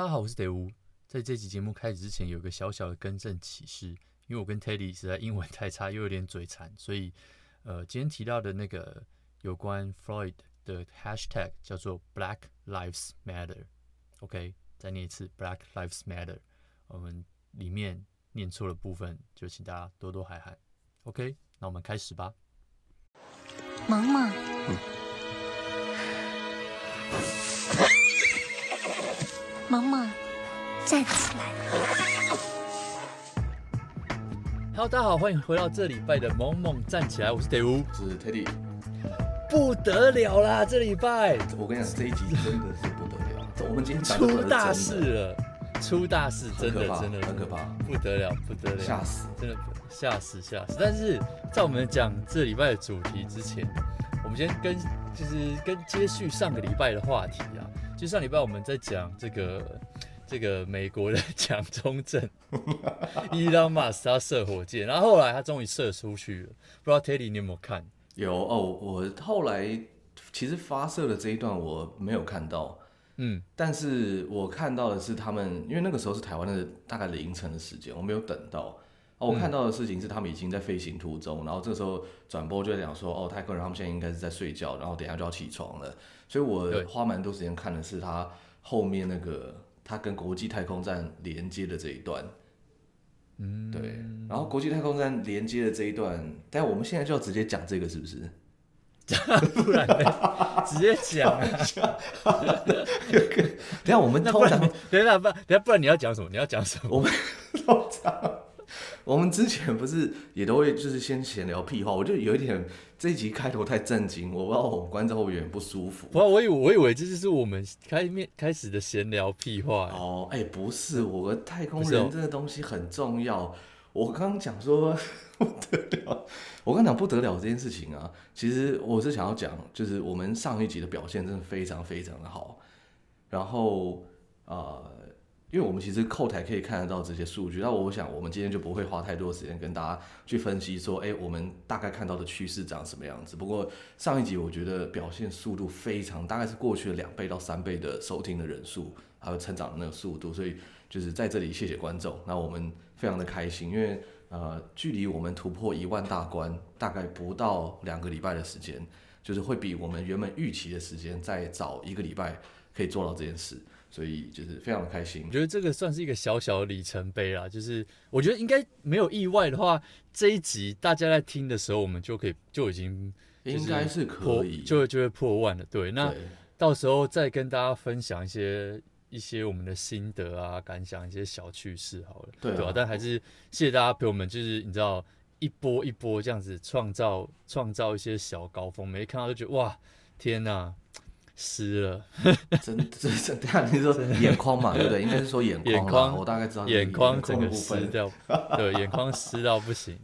大家好，我是德烏。在這期節目開始之前，有一個小小的更正啟事，因為我跟 Teddy 實在英文太差，又有點嘴殘，所以，呃，今天提到的那個有關 Floyd 的 hashtag 叫做 Black Lives Matter。OK，再念一次 Black Lives Matter。我、嗯、們裡面念錯了部分，就請大家多多海涵。OK，那我們開始吧。萌萌站起來！Hello，大家好，歡迎回到這禮拜的《萌萌站起來》，我是 Dew，是 Teddy，不得了啦！這禮拜這我跟你講，這一集真的是不得了，我們今天出大事了，出，出大事真，真的真的很可怕，不得了，不得了，嚇死，真的嚇死嚇死！但是在我們講這禮拜的主題之前，我們先跟就是跟接續上個禮拜的話題啊，就上禮拜我們在講這個。這個美國的蔣中正， 伊隆馬斯克他射火箭，然後後來他終於射出去了。不知道 Teddy 你有沒有看？有哦，我後來其實發射的這一段我沒有看到，嗯，但是我看到的是他們，因為那個時候是台灣的大概凌晨的時間，我沒有等到。哦，我看到的事情是他們已經在飛行途中，嗯，然後這時候轉播就在講說，哦，太空人他們現在應該是在睡覺，然後等一下就要起床了。所以我花蠻多時間看的是他後面那個。他跟國際太空站連接的這一段，嗯，對。然後國際太空站連接的這一段，但我們現在就要直接講這個，是不是？講， 不然，直接講啊，哈 哈 等下，我們通常，等下不然，等下，不然，等下不然你要講什麼？你要講什麼？我們 通常我們之前不是也都會就是先閒聊屁話，我就有一點，這一集開頭太震驚，我不知道我們觀眾會不會有點不舒服。不啊、我以為我以為這就是我們開面開始的閒聊屁話哦，哎、欸，不是，我們太空人這個東西很重要。哦、我剛剛講說 不得了，我剛講不得了這件事情啊，其實我是想要講，就是我們上一集的表現真的非常非常的好，然後啊。呃因為我們其實後台可以看得到這些數據，那我想我們今天就不會花太多時間跟大家去分析說，哎，我們大概看到的趨勢長什麼樣子。不過上一集我覺得表現速度非常，大概是過去的兩倍到三倍的收聽的人數，還有成長的那個速度，所以就是在這裡謝謝觀眾。那我們非常的開心，因為呃，距離我們突破一萬大關大概不到兩個禮拜的時間，就是會比我們原本預期的時間再早一個禮拜可以做到這件事。所以就是非常的開心，我覺得這個算是一個小小的里程碑啦。就是我覺得應該沒有意外的話，這一集大家在聽的時候，我們就可以就已經就應該是可以，就會就會破萬了對。對，那到時候再跟大家分享一些一些我們的心得啊、感想，一些小趣事好了。對、啊，對吧、啊？但還是謝謝大家陪我們，就是你知道一波一波這樣子創造創造一些小高峰，每一看到都覺得哇，天哪！濕了、 嗯，真真等下你說眼眶嘛，對 不對？應該是說眼眶，我大概知道眼眶這個濕掉， 對，眼眶濕到不行，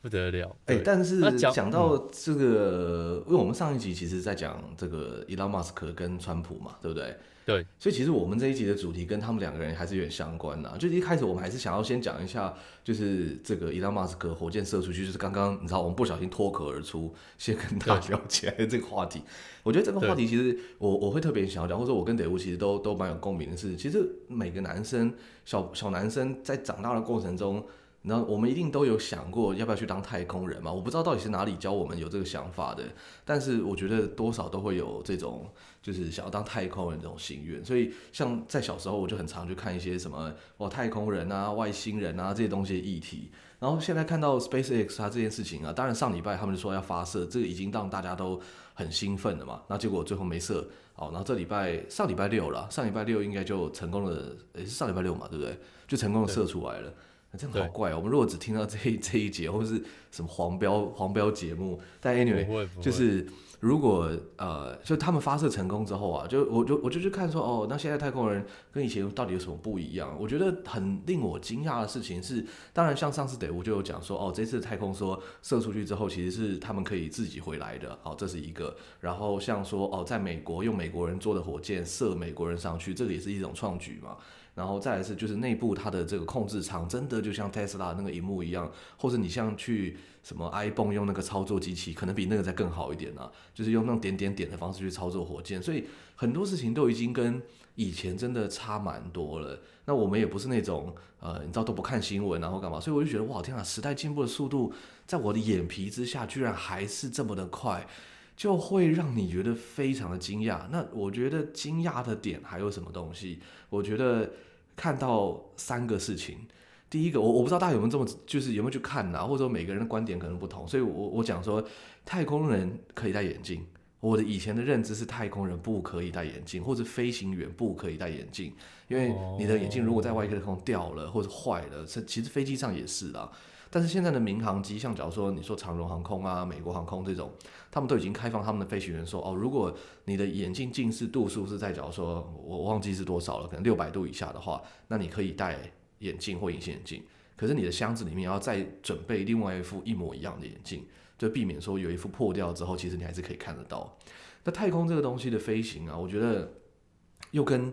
不得了。哎、欸，但是講到這個，因為我們上一集其實在講這個 Elon Musk 跟川普嘛，對不對？對，所以其實我們這一集的主題跟他們兩個人還是有點相關的啊。就是一開始我們還是想要先講一下，就是這個伊隆馬斯克火箭射出去，就是剛剛你知道我們不小心脫口而出，先跟他聊起來這個話題。我覺得這個話題其實我我會特別想要講，或者我跟德烏其實都都蠻有共鳴的是，其實每個男生小小男生在長大的過程中。那我們一定都有想過要不要去當太空人嘛？我不知道到底是哪裡教我們有這個想法的，但是我覺得多少都會有這種就是想要當太空人這種心願。所以像在小時候，我就很常去看一些什麼哦太空人啊、外星人啊這些東西的議題。然後現在看到 SpaceX 它這件事情啊，當然上禮拜他們就說要發射，這個已經讓大家都很興奮了嘛。那結果最後沒射好。然後這禮拜上禮拜六了，上禮拜六應該就成功的，也、欸、是上禮拜六嘛，對不對？就成功的射出來了。真的好怪、哦、我們如果只聽到這一這一節或或是什麼黃標黃標節目，但 anyway 就是如果呃，就他們發射成功之後啊，就我就我就去看說，哦，那現在太空人跟以前到底有什麼不一樣？我覺得很令我驚訝的事情是，當然像上次的我就有講說，哦，這次的太空梭射出去之後，其實是他們可以自己回來的，好、哦，這是一個。然後像說，哦，在美國用美國人做的火箭射美國人上去，這個也是一種創舉嘛。然後再來是，就是內部它的這個控制場，真的就像特斯拉那個熒幕一樣，或者你像去什麼 ibon 用那個操作機器，可能比那個再更好一點呢、啊，就是用那種點點點的方式去操作火箭，所以很多事情都已經跟以前真的差蠻多了。那我們也不是那種呃，你知道都不看新聞然後幹嘛，所以我就覺得哇，天啊，時代進步的速度在我的眼皮之下居然還是這麼的快，就會讓你覺得非常的驚訝。那我覺得驚訝的點還有什麼東西？我覺得。看到三個事情，第一個，我我不知道大家有沒有這麼，就是有沒有去看啊，或者說每個人的觀點可能不同，所以我，我我講說，太空人可以戴眼鏡。我的以前的認知是太空人不可以戴眼鏡，或者飛行員不可以戴眼鏡，因為你的眼鏡如果在外太空掉了或者壞了，這其實飛機上也是啊。但是現在的民航機，像假如說你說長榮航空啊、美國航空這種。他們都已經開放他們的飛行員說哦，如果你的眼鏡近視度數是在，假如說我忘記是多少了，可能六百度以下的話，那你可以戴眼鏡或隱形眼鏡。可是你的箱子裡面要再準備另外一副一模一樣的眼鏡，就避免說有一副破掉之後，其實你還是可以看得到。那太空這個東西的飛行啊，我覺得又跟。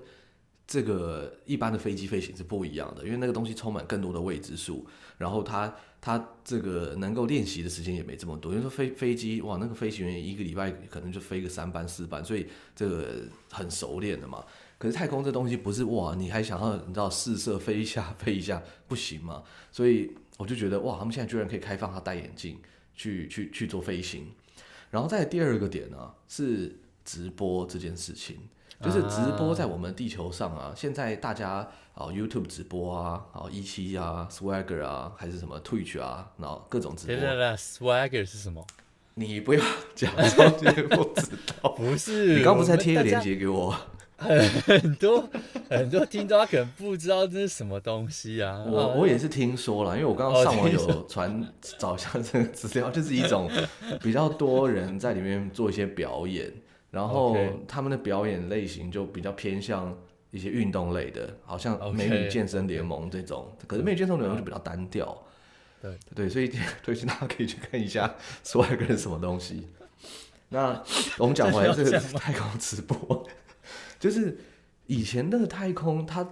這個一般的飛機飛行是不一樣的，因為那個東西充滿更多的未知數，然後它它這個能夠練習的時間也沒這麼多。因為說飛飛機哇，那個飛行員一個禮拜可能就飛個三班四班，所以這個很熟練的嘛。可是太空這東西不是哇，你還想要你知道試射飛一下飛一下不行嘛，所以我就覺得哇，他們現在居然可以開放他戴眼鏡去去去做飛行。然後在第二個點呢、啊，是直播這件事情。就是直播在我們地球上啊，啊現在大家啊、哦、YouTube 直播啊，哦 E7、啊 E 期啊，Swagger 啊，還是什麼 Twitch 啊，然後各種直播。Swagger 是什麼？你不要假裝 不知道。 不是，你剛不是還貼一個鏈接給我？我很多很多聽眾他可能不知道這是什麼東西啊。 我我也是聽說了，因為我剛剛上網有傳 找一下這個資料，就是一種比較多人在裡面做一些表演。然後他們的表演類型就比較偏向一些運動類的，okay. 好像《美女健身聯盟》這種。Okay. 可是《美女健身聯盟》就比較單調。Yeah. 對對，對，所以推薦大家可以去看一下《十萬個人什麼東西。》 那我們講回來，這個太空直播， 就是以前那個太空它。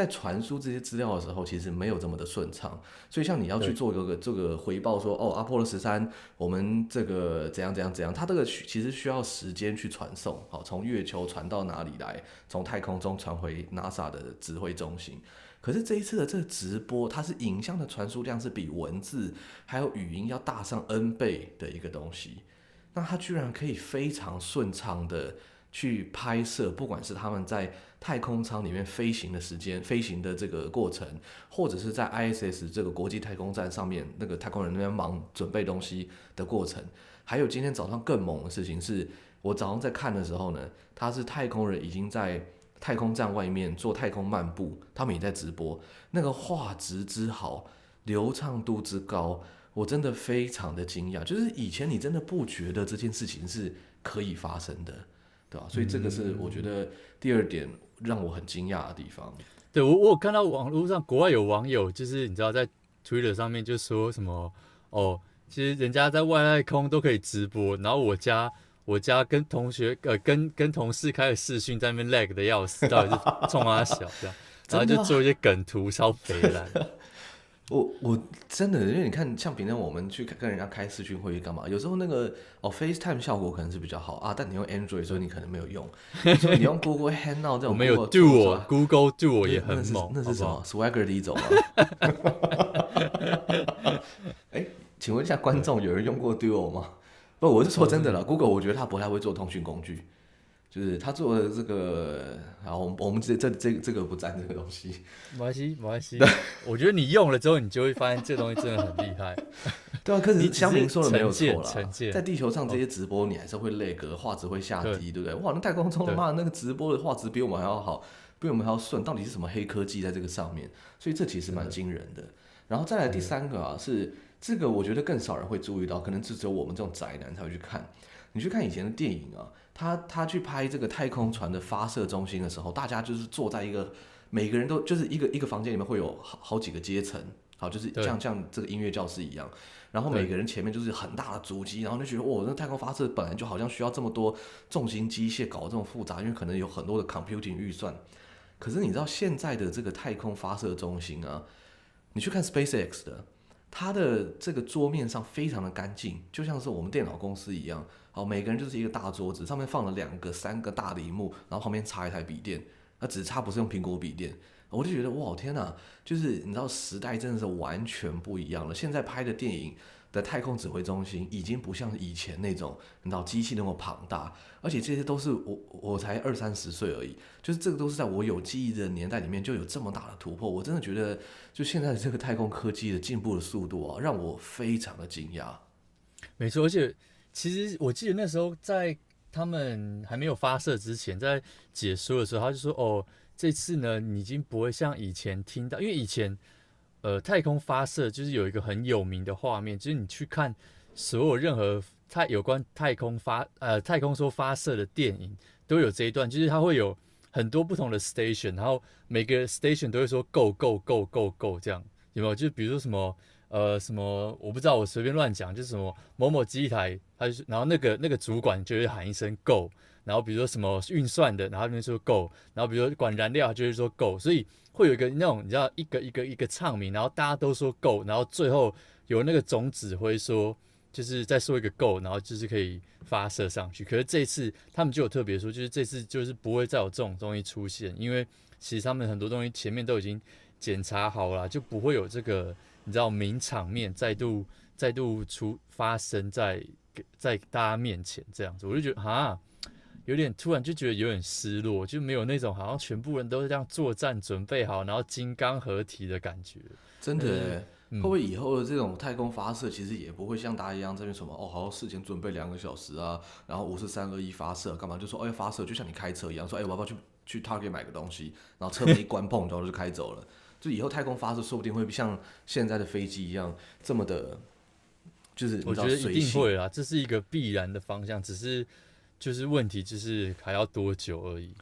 在傳輸這些資料的時候，其實沒有這麼的順暢。所以像你要去做一個這個回報說，哦，阿波羅十三，我們這個怎樣怎樣怎樣，它這個其實需要時間去傳送，好，從月球傳到哪裡來，從太空中傳回 NASA 的指揮中心。可是這一次的這個直播，它是影像的傳輸量是比文字還有語音要大上 N 倍的一個東西，那它居然可以非常順暢的。去拍攝，不管是他們在太空艙裡面飛行的時間、飛行的這個過程，或者是在 ISS 這個國際太空站上面那個太空人那邊忙準備東西的過程，還有今天早上更猛的事情是，我早上在看的時候呢，他是太空人已經在太空站外面做太空漫步，他們也在直播，那個畫質之好、流暢度之高，我真的非常的驚訝。就是以前你真的不覺得這件事情是可以發生的。對吧、啊？所以這個是我覺得第二點讓我很驚訝的地方。嗯、對我，我有看到網絡上國外有網友，就是你知道在 Twitter 上面就說什麼哦，其實人家在外太空都可以直播，然後我家我家跟同學呃跟跟同事開始視訊在那邊 lag 的要死，到底是衝 啊小然後就做一些梗圖超肥了。 我我真的，因為你看，像平常我們去跟人家開視訊會議幹嘛？有時候那個哦，FaceTime 效果可能是比較好啊，但你用 Android，所以你可能沒有用。 所以你用 Google Hangout 這種，沒有 Duo，Google Duo 也很猛那。那是什麼好好？Swagger 的一種嗎？哎、 欸，請問一下觀眾，有人用過 Duo 嗎？不，我是說真的了 ，Google 我覺得它不太會做通訊工具。就是他做的這個，然後，我們我們這這這個、這個不沾這個東西，沒關係，沒關係。 我覺得你用了之後，你就會發現這東西真的很厲害。 對啊，可是香菱說的沒有錯啦。在地球上這些直播你還是會累格，哦，畫質會下低，對，對不對？哇，那太空中的話，那個直播的畫質比我們還要好，比我們還要順，到底是什麼黑科技在這個上面？所以這其實蠻驚人的。然後再來第三個啊，是這個，我覺得更少人會注意到，可能只有我們這種宅男才會去看。你去看以前的電影啊。他他去拍這個太空船的發射中心的時候，大家就是坐在一個，每個人都就是一個一個房間裡面會有好好幾個階層，好就是像像這個音樂教室一樣。然後每個人前面就是很大的主機，然後就覺得哇，那太空發射本來就好像需要這麼多重型機械搞這麼複雜，因為可能有很多的 computing 預算。可是你知道現在的這個太空發射中心啊，你去看 SpaceX 的，它的這個桌面上非常的乾淨，就像是我們電腦公司一樣。哦，每個人就是一個大桌子，上面放了兩個、三個大的熒幕，然後旁邊插一台筆電，那只插不是用蘋果筆電，我就覺得哇，天吶，就是你知道，時代真的是完全不一樣了。現在拍的電影的太空指揮中心已經不像以前那種你知道機器那麼龐大，而且這些都是我我才二三十歲而已，就是這個都是在我有記憶的年代裡面就有這麼大的突破，我真的覺得就現在這個太空科技的進步的速度啊，讓我非常的驚訝。沒錯，而且。其實我記得那時候在他們還沒有發射之前，在解說的時候，他就說：“哦，這次呢，你已經不會像以前聽到，因為以前，呃，太空發射就是有一個很有名的畫面，就是你去看所有任何太有關太空發呃太空說發射的電影，都有這一段，就是它會有很多不同的 station，然後每個 station 都會說 go go go go go 這樣，有沒有？就是比如說什麼。”呃，什麼我不知道，我隨便亂講，就是什麼某某機台，他就是然後那個那個主管就會喊一聲 go，然後比如說什麼運算的，然後那邊說 go，然後比如說管燃料，他就，就是說 go。所以會有一個那種你知道一個一個一個唱名，然後大家都說 go，然後最後有那個總指揮說就是再說一個 go，然後就是可以發射上去。可是這次他們就有特別說，就是這次就是不會再有這種東西出現，因為其實他們很多東西前面都已經檢查好了，就不會有這個。你知道名場面再度再度出發生在在大家面前這樣子，我就覺得啊，有點突然就覺得有點失落，就沒有那種好像全部人都這樣作戰準備好，然後金剛合體的感覺，真的、嗯，會不會以後的這種太空發射其實也不會像大家一樣這邊什麼哦，好像事前準備兩個小時啊，然後五、四、三、二、一發射幹嘛？就說哎，哦、發射就像你開車一樣，說哎、欸，我要不要去去 Target 買個東西？然後車門一關碰，碰 然後就開走了。就以後太空發射說不定會像現在的飛機一樣這麼的，就是我覺得一定會啦，這是一個必然的方向，只是就是問題就是還要多久而已，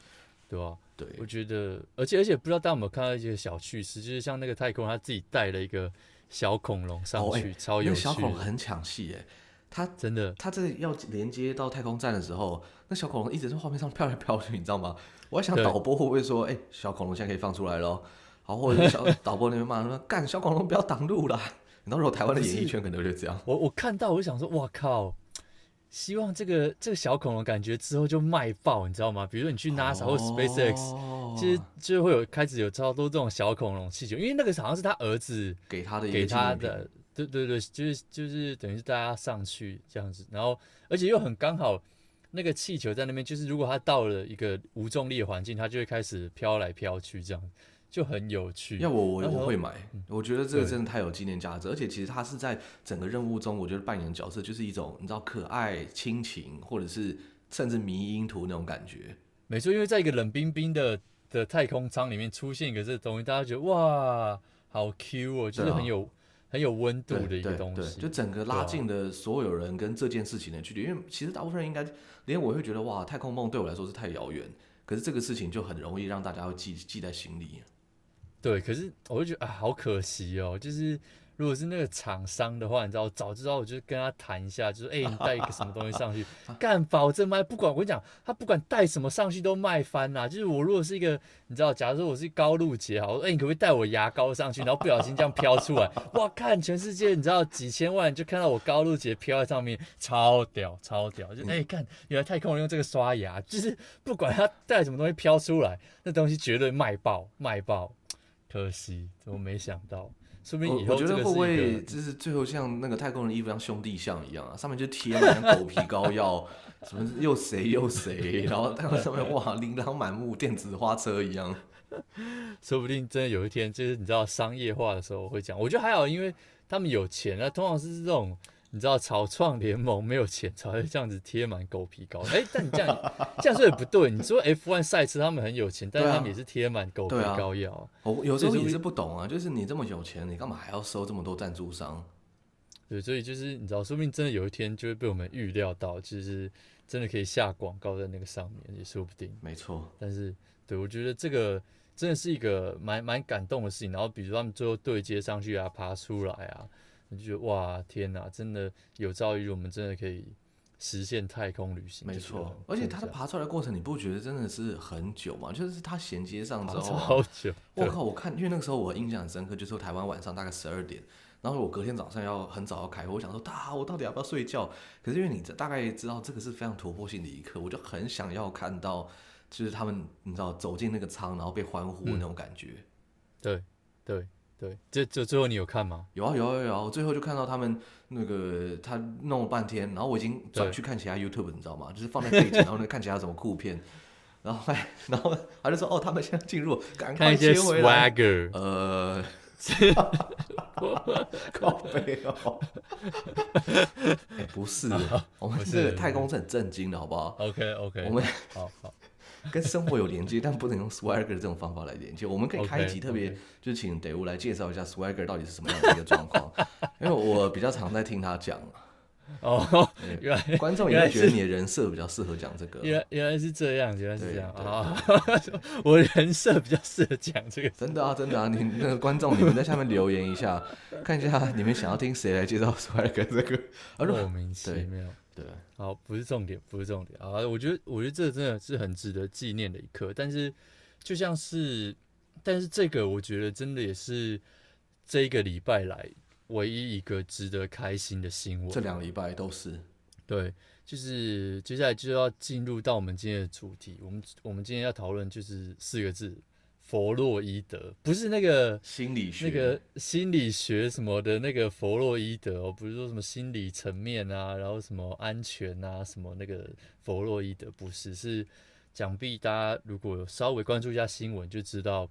對吧？對，我覺得，而且而且不知道大家有沒有看到一些小趣事，就是像那個太空他自己帶了一個小恐龍上去，哦、欸、超有趣有，小恐龍很搶戲哎，他真的，他這個要連接到太空站的時候，那小恐龍一直在畫面上飄來飄去，你知道嗎？我在想導播會不會說，哎、欸，小恐龍現在可以放出來咯。然後或者，小導播那邊罵說：「幹，小恐龍，不要擋路啦。」那時候台灣的演藝圈可能就這樣。這我我看到我就想說：「哇靠！」希望這個這個小恐龍感覺之後就賣爆，你知道嗎？比如說你去 NASA 或 SpaceX，其、哦、實就，就會有開始有超多這種小恐龍氣球，因為那個好像是他兒子給他的給他的，對對對，就是就是等於是大家上去這樣子。然後而且又很剛好，那個氣球在那邊，就是如果他到了一個無重力環境，它就會開始飄來飄去這樣就很有趣。要我我我會買，我覺得這個真的太有紀念價值，而且其實它是在整個任務中，我覺得扮演的角色就是一種你知道可愛親情，或者是甚至迷因圖那種感覺。沒錯，因為在一個冷冰冰的的太空艙裡面出現一個這個東西，大家覺得哇好 Q 哦、啊，就是很有很有溫度的一個東西，對啊、對對對就整個拉近了所有人跟這件事情的距離、啊。因為其實大部分人應該連我會覺得哇太空夢對我來說是太遙遠，可是這個事情就很容易讓大家會記記，記在心裡。對，可是我就覺得啊、哎，好可惜哦。就是如果是那個廠商的話，你知道，我早就知道我就跟他談一下，就是哎、欸，你帶一個什麼東西上去，幹 保證賣。不管我跟你講，他不管帶什麼上去都賣翻啦、啊。就是我如果是一個，你知道，假如說我是高露潔，好，哎、欸，你可不可以帶我牙膏上去？然後不小心這樣飄出來，哇，看全世界，你知道幾千萬就看到我高露潔飄在上面，超屌，超屌。就哎，幹、欸、原來太空人用這個刷牙，就是不管他帶什麼東西飄出來，那東西絕對賣爆，賣爆。可惜，我沒想到，說不定以後我，我覺得會不會就是最後像那個太空人衣服像兄弟像一樣啊，上面就貼什麼狗皮膏藥， 什麼又誰又誰， 然後太空上面哇琳琅滿目電子花車一樣， 說不定真的有一天就是你知道商業化的時候會講，我覺得還好，因為他們有錢那通常是這種。你知道草創聯盟沒有錢，才會這樣子貼滿狗皮膏。哎、欸，但你這樣 這樣說也不對。你說 F1 賽車他們很有錢，啊、但是他們也是貼滿狗皮膏藥。哦、啊，有時候你是不懂啊，就是你這麼有錢，你幹嘛還要收這麼多贊助商？對，所以就是你知道，說不定真的有一天就會被我們預料到，就是真的可以下廣告在那個上面，也說不定。沒錯。但是對我覺得這個真的是一個蠻蠻感動的事情。然後比如說他們最後對接上去啊，爬出來啊。你就覺得哇天哪，真的有朝一日我們真的可以實現太空旅行。沒錯，而且它的爬出來的過程，你不覺得真的是很久嗎？就是它銜接上之後，超久。我靠，我看，因為那個時候我印象很深刻，就是台灣晚上大概十二點，然後我隔天早上要很早要開會，我想說，啊，我到底要不要睡覺？可是因為你大概知道這個是非常突破性的一刻，我就很想要看到，就是他們你知道走進那個艙，然後被歡呼的那種感覺。嗯、對，對。對，這這最後你有看嗎？有啊，有啊，有啊。我最後就看到他們那個他弄了半天，然後我已經轉去看其他 YouTube，你知道嗎？就是放在背景然後呢，看其他什麼酷片， 然後還然後他就說：“哦，他們現在進入，感慨接尾。”看一些 swagger 靠背北哦、 欸，不是， 我們是太空是很震驚的，好不好？OK OK，我們好好。 跟生活有連接，但不能用 Swagger 這種方法來連接。我們可以開一集特別，Okay, okay. 就請得物來介紹一下 Swagger 到底是什麼樣的一個狀況。 因為我比較常在聽他講。哦，欸、原來觀眾也會覺得你的人設比較適合講這個。原來原來是這樣，原來是這樣。對對對 我人設比較適合講這個。真的啊，真的啊，你那個觀眾，你們在下面留言一下， 看一下你們想要聽誰來介紹 Swagger 這個，莫名其妙。啊、對。對好，不是重點，不是重點啊！我覺得，我覺得這真的是很值得紀念的一刻。但是，就像是，但是這個我覺得真的也是這一個禮拜來唯一一個值得開心的新聞。這兩禮拜都是。對，就是接下來就要進入到我們今天的主題。我們我們今天要討論就是四個字。佛洛伊德，不是那個心理學、那個心理學什麼的那個佛洛伊德哦，不是說什麼心理層面啊，然後什麼安全啊，什麼那個佛洛伊德，不是，是想必大家如果稍微關注一下新聞就知道，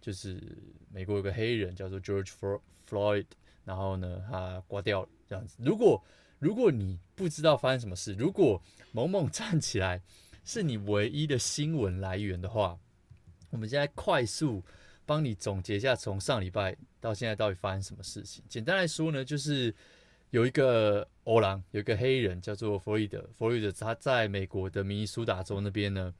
就是美國有個黑人叫做 George Floyd，然後呢，他掛掉了。這樣子，如果如果你不知道發生什麼事，如果某某站起來是你唯一的新聞來源的話。我們現在快速幫你總結一下，從上禮拜到現在到底發生什麼事情。簡單來說呢，就是有一個歐郎，有一個黑人叫做佛洛伊德，佛洛伊德他在美國的明尼蘇達州那邊呢，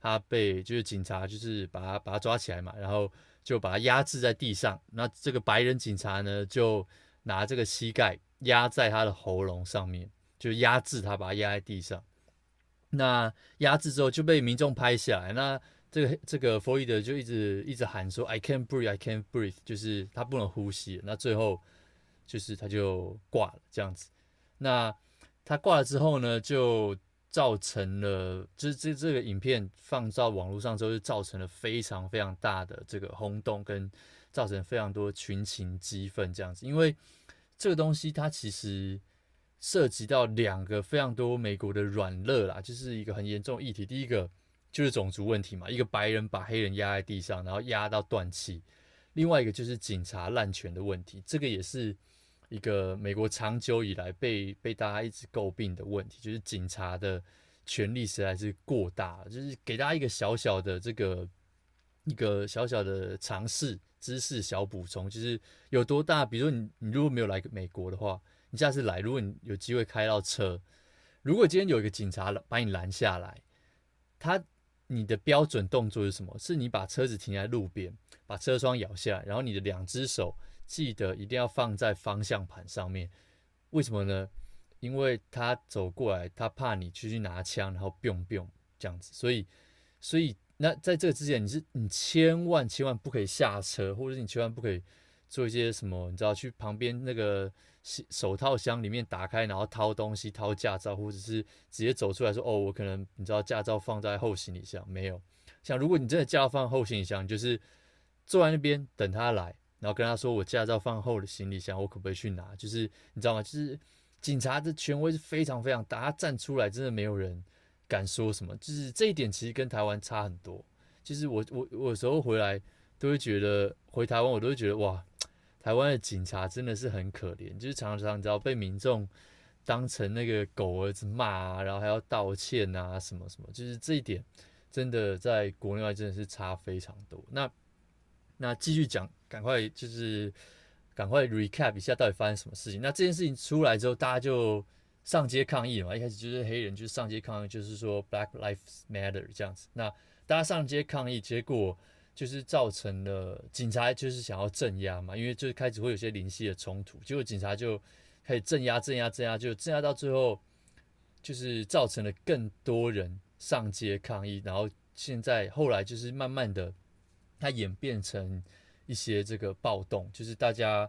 他被就是警察就是把他把他抓起來嘛，然後就把他壓制在地上。那這個白人警察呢，就拿這個膝蓋壓在他的喉嚨上面，就壓制他，把他壓在地上。那壓制之後就被民眾拍下來，那。這個這個弗洛伊德就一直一直喊說 “I can't breathe, I can't breathe”，就是他不能呼吸。那最後就是他就掛了這樣子。那他掛了之後呢，就造成了，這、就、這、是、這個影片放到網絡上之後，就造成了非常非常大的這個轟動，跟造成非常多群情激憤這樣子。因為這個東西它其實涉及到兩個非常多美國的軟肋啦，就是一個很嚴重的議題。第一個。就是種族問題嘛，一個白人把黑人壓在地上，然後壓到斷氣；另外一個就是警察濫權的問題，這個也是一個美國長久以來被被大家一直詬病的問題，就是警察的權力實在是過大。就是給大家一個小小的這個一個小小的嘗試、知識小補充，就是有多大？比如說你你如果沒有來美國的話，你下次來，如果你有機會開到車，如果今天有一個警察把你攔下來，他。你的標準動作是什麼？是你把車子停在路邊，把車窗搖下來，然後你的兩隻手記得一定要放在方向盤上面。為什麼呢？因為他走過來，他怕你去拿槍，然後 biu biu 這樣子。所以，所以那在這之前，你是你千萬千萬不可以下車，或者你千萬不可以做一些什麼，你知道去旁邊那個。手套箱裡面打開，然後掏東西，掏駕照，或者是直接走出來說：“哦，我可能你知道，駕照放在後行李箱沒有？像如果你真的駕照放後行李箱，就是坐在那邊等他來，然後跟他說：我駕照放後的行李箱，我可不可以去拿？就是你知道嗎？就是警察的權威是非常非常大，他站出來真的沒有人敢說什麼。就是這一點其實跟台灣差很多。就是我我我有時候回來都會覺得回台灣，我都會覺得哇。”台灣的警察真的是很可憐，就是常常你知道被民眾當成那個狗兒子罵啊，然後還要道歉啊什麼什麼，就是這一點真的在國內外真的是差非常多。那那繼續講，趕快就是趕快 recap 一下到底發生什麼事情。那這件事情出來之後，大家就上街抗議了嘛，一開始就是黑人就是上街抗議，就是說 Black Lives Matter 這樣子。那大家上街抗議，結果。就是造成了警察就是想要鎮壓嘛，因為就是開始會有些零星的衝突，結果警察就開始鎮壓鎮壓鎮壓，就鎮壓到最後，就是造成了更多人上街抗議，然後現在後來就是慢慢的，它演變成一些這個暴動，就是大家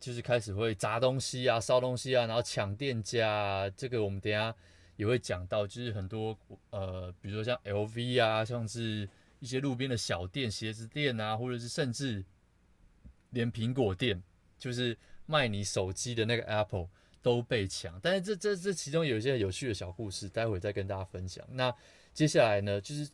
就是開始會砸東西啊、燒東西啊，然後搶店家啊，這個我們等一下也會講到，就是很多呃，比如說像 LV 啊，像是。一些路邊的小店、鞋子店啊，或者是甚至連蘋果店，就是賣你手機的那個 Apple 都被搶。但是這這這其中有一些有趣的小故事，待會再跟大家分享。那接下來呢，就是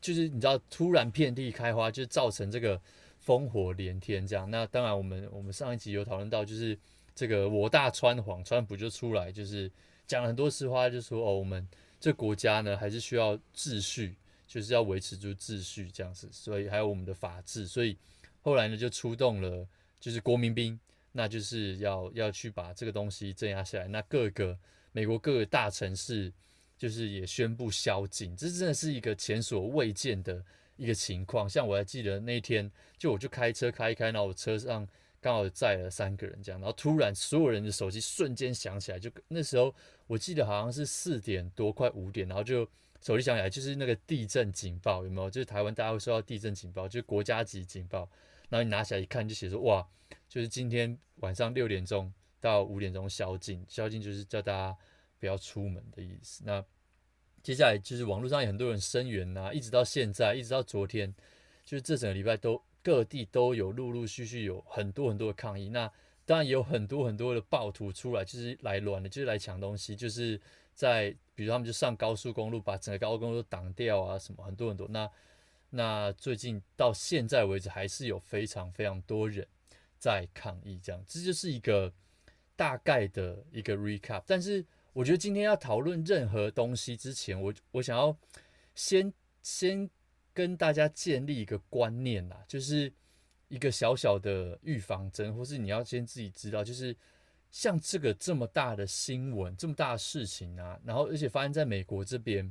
就是你知道突然遍地開花，就造成這個烽火連天這樣。那當然，我們我們上一集有討論到，就是這個我大川皇川普就出來，就是講了很多實話，就說哦，我們這國家呢還是需要秩序。就是要維持住秩序這樣子，所以還有我們的法治，所以後來呢就出動了，就是國民兵，那就是要要去把這個東西鎮壓下來。那各個美國各個大城市就是也宣布宵禁，這真的是一個前所未見的一個情況。像我還記得那天，就我就開車開開，然後我車上剛好載了三個人這樣，然後突然所有人的手機瞬間響起來，就那時候我記得好像是四點多快五點，然後就。手機響起來，就是那個地震警報，有沒有？就是台灣大家會收到地震警報，就是國家級警報。然後你拿起來一看，就寫說：哇，就是今天晚上六點鐘到五點鐘宵禁，宵禁就是叫大家不要出門的意思。那接下來就是網絡上有很多人聲援吶、啊，一直到現在，一直到昨天，就是這整個禮拜都各地都有陸陸續續有很多很多的抗議。那當然也有很多很多的暴徒出來，就是來亂的，就是來搶東西，就是在。比如他們就上高速公路，把整個高速公路都擋掉啊，什麼很多很多。那那最近到現在為止，還是有非常非常多人在抗議這樣。這就是一個大概的一個 recap。但是我覺得今天要討論任何東西之前，我我想要先先跟大家建立一個觀念啦，就是一個小小的預防針，或是你要先自己知道，就是。像這個這麼大的新聞，這麼大的事情啊，然後而且發生在美國這邊，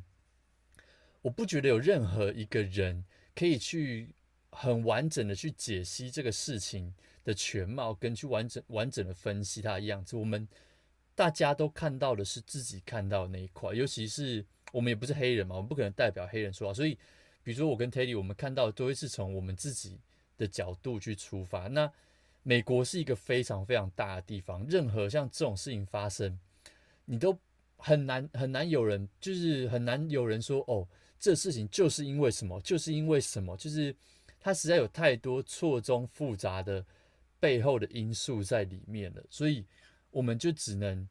我不覺得有任何一個人可以去很完整的去解析這個事情的全貌，跟去完整完整的分析它的樣子。我們大家都看到的是自己看到的那一塊，尤其是我們也不是黑人嘛，我們不可能代表黑人說話。所以，比如說我跟 Teddy 我們看到的都會是從我們自己的角度去出發。那。美國是一個非常非常大的地方，任何像這種事情發生，你都很難很難有人，就是很難有人說哦，這事情就是因為什麼，就是因為什麼，就是它實在有太多錯綜複雜的背後的因素在裡面了，所以我們就只能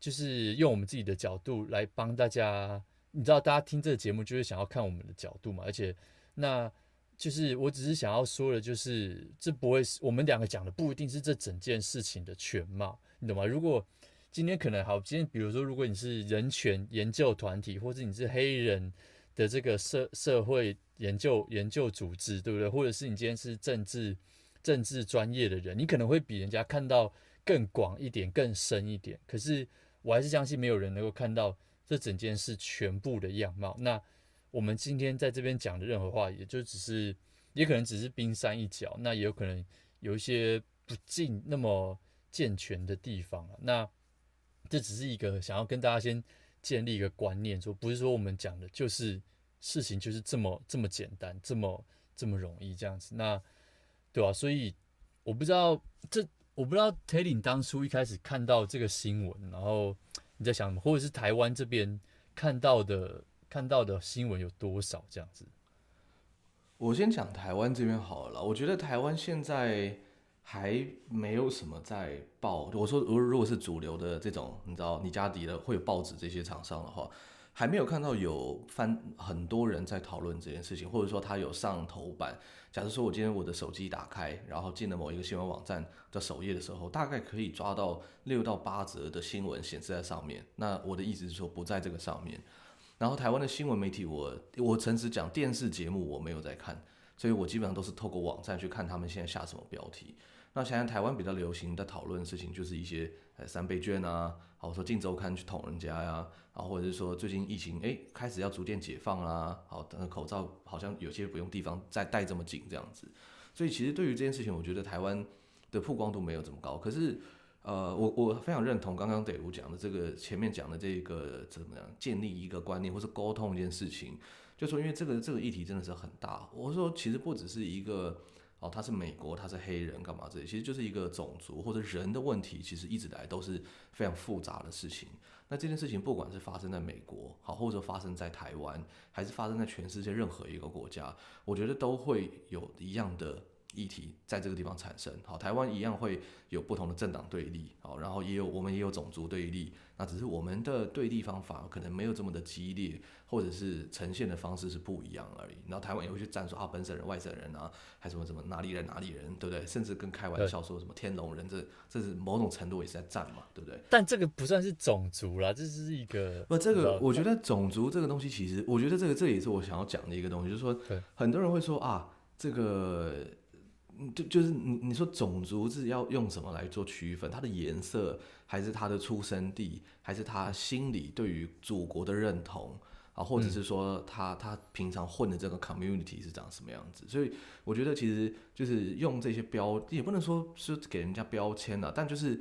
就是用我們自己的角度來幫大家，你知道大家聽這個節目就是想要看我們的角度嘛，而且那。就是，我只是想要說的，就是這不會是，我們兩個講的不一定是這整件事情的全貌，你懂嗎？如果今天可能好，今天比如說，如果你是人權研究團體，或者你是黑人的這個社社會研究研究組織，對不對？或者是你今天是政治政治專業的人，你可能會比人家看到更廣一點，更深一點。可是我還是相信，沒有人能夠看到這整件事全部的樣貌。那。我們今天在這邊講的任何話，也就只是，也可能只是冰山一角，那也有可能有一些不盡那麼健全的地方、啊、那這只是一個想要跟大家先建立一個觀念，說不是說我們講的，就是事情就是這麼這麼簡單，這麼這麼容易這樣子，那對啊，所以我不知道這，我不知道 Tailing 當初一開始看到這個新聞，然後你在想，或者是台灣這邊看到的。看到的新聞有多少？這樣子，我先講台灣這邊好了。我覺得台灣現在還沒有什麼在報。我說，如如果是主流的這種，你知道，尼加迪的會有報紙這些廠商的話，還沒有看到有翻很多人在討論這件事情，或者說他有上頭版。假設說我今天我的手機打開，然後進了某一個新聞網站的首頁的時候，大概可以抓到六到八則的新聞顯示在上面。那我的意思是說，不在這個上面。然後台灣的新聞媒體我，我我誠實講，電視節目我沒有在看，所以我基本上都是透過網站去看他們現在下什麼標題。那想想台灣比較流行的討論的事情，就是一些呃三倍券啊，好說鏡週刊去捅人家呀，啊，然後或者是說最近疫情，哎，開始要逐漸解放啦，好，口罩好像有些不用地方再戴這麼緊這樣子。所以其實對於這件事情，我覺得台灣的曝光度沒有這麼高，可是呃，我我非常認同剛剛德如講的這個前面講的這個怎麼樣建立一個觀念，或是溝通一件事情，就說，因為這個這個議題真的是很大。我說其實不只是一個哦，他是美國，他是黑人幹嘛這些，其實就是一個種族或者人的問題，其實一直來都是非常複雜的事情。那這件事情不管是發生在美國好，或者發生在台灣，還是發生在全世界任何一個國家，我覺得都會有一樣的議題在這個地方產生，好，台灣一樣會有不同的政黨對立，好，然後也有我們也有種族對立，那只是我們的對立方法可能沒有這麼的激烈，或者是呈現的方式是不一樣而已。然後台灣也會去戰說啊，本省人、外省人啊，還什麼什麼哪裡人、哪裡人，對不對？甚至跟開玩笑說什麼天龍人，這這是某種程度也是在戰嘛，對不對？但這個不算是種族啦，這是一個。不，這個我覺得種族這個東西，其實我覺得這個這也是我想要講的一個東西，就是說，很多人會說啊，這個。就就是你你說種族，是要用什麼來做區分？他的顏色，還是他的出生地，還是他心裡對於祖國的認同啊，或者是說他他、嗯、平常混的這個 community 是長什麼樣子？所以我覺得其實就是用這些標，也不能說是給人家標籤了、啊，但就是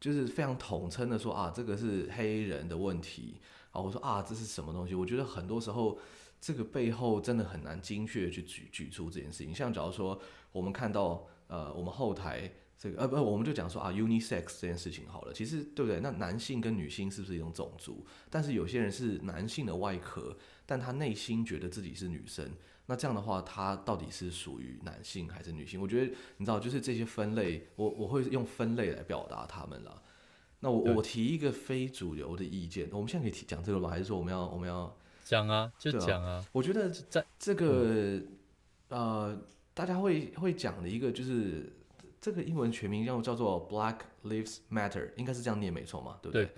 就是非常統稱的說啊，這個是黑人的問題啊。我說啊，這是什麼東西？我覺得很多時候這個背後真的很難精確的去舉舉出這件事情。像假如說。我們看到，呃，我們後台這個，呃，不，呃，我們就講說啊，unisex 這件事情好了。其實，對不對？那男性跟女性是不是一種種族？但是有些人是男性的外殼，但他內心覺得自己是女生。那這樣的話，他到底是屬於男性還是女性？我覺得，你知道，就是這些分類，我我會用分類來表達他們了。那我我提一個非主流的意見，我們現在可以提講這個嗎？還是說我們要我們要講，啊，講啊，啊？就講啊。我覺得在這個，嗯、呃。大家會會講的一個就是這個英文全名叫叫做 Black Lives Matter，應該是這樣念沒錯嘛，對不對？對，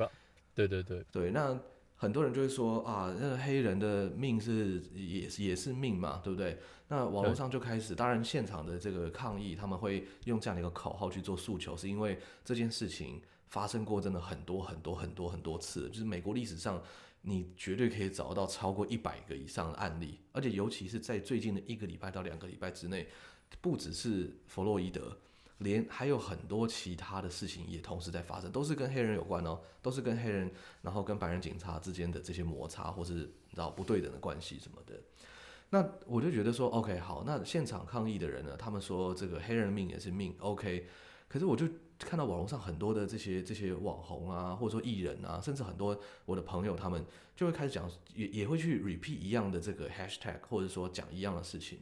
對對對對對。那很多人就會說啊，那個黑人的命是也是也是命嘛，對不對？那網絡上就開始，當然現場的這個抗議，他們會用這樣的一個口號去做訴求，是因為這件事情發生過真的很多很多很多很多很多次，就是美國歷史上。你絕對可以找到超過一百個以上的案例，而且尤其是在最近的一個禮拜到兩個禮拜之內，不只是佛洛伊德，連還有很多其他的事情也同時在發生，都是跟黑人有關哦，都是跟黑人，然後跟白人警察之間的這些摩擦或是你知道不對等的關係什麼的。那我就覺得說，OK，好，那現場抗議的人呢，他們說這個黑人命也是命，OK，可是我就。看到網絡上很多的這些這些網紅啊，或者說藝人啊，甚至很多我的朋友，他們就會開始講，也也會去 repeat 一樣的這個 hashtag，或者說講一樣的事情。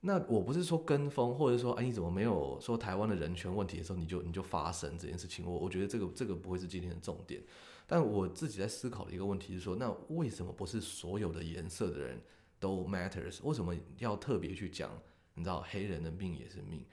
那我不是說跟風，或者說哎你怎麼沒有說台灣的人權問題的時候，你就你就發生這件事情。我我覺得這個這個不會是今天的重點。但我自己在思考的一個問題是說，那為什麼不是所有的顏色的人都 matters？為什麼要特別去講？你知道黑人的命也是命。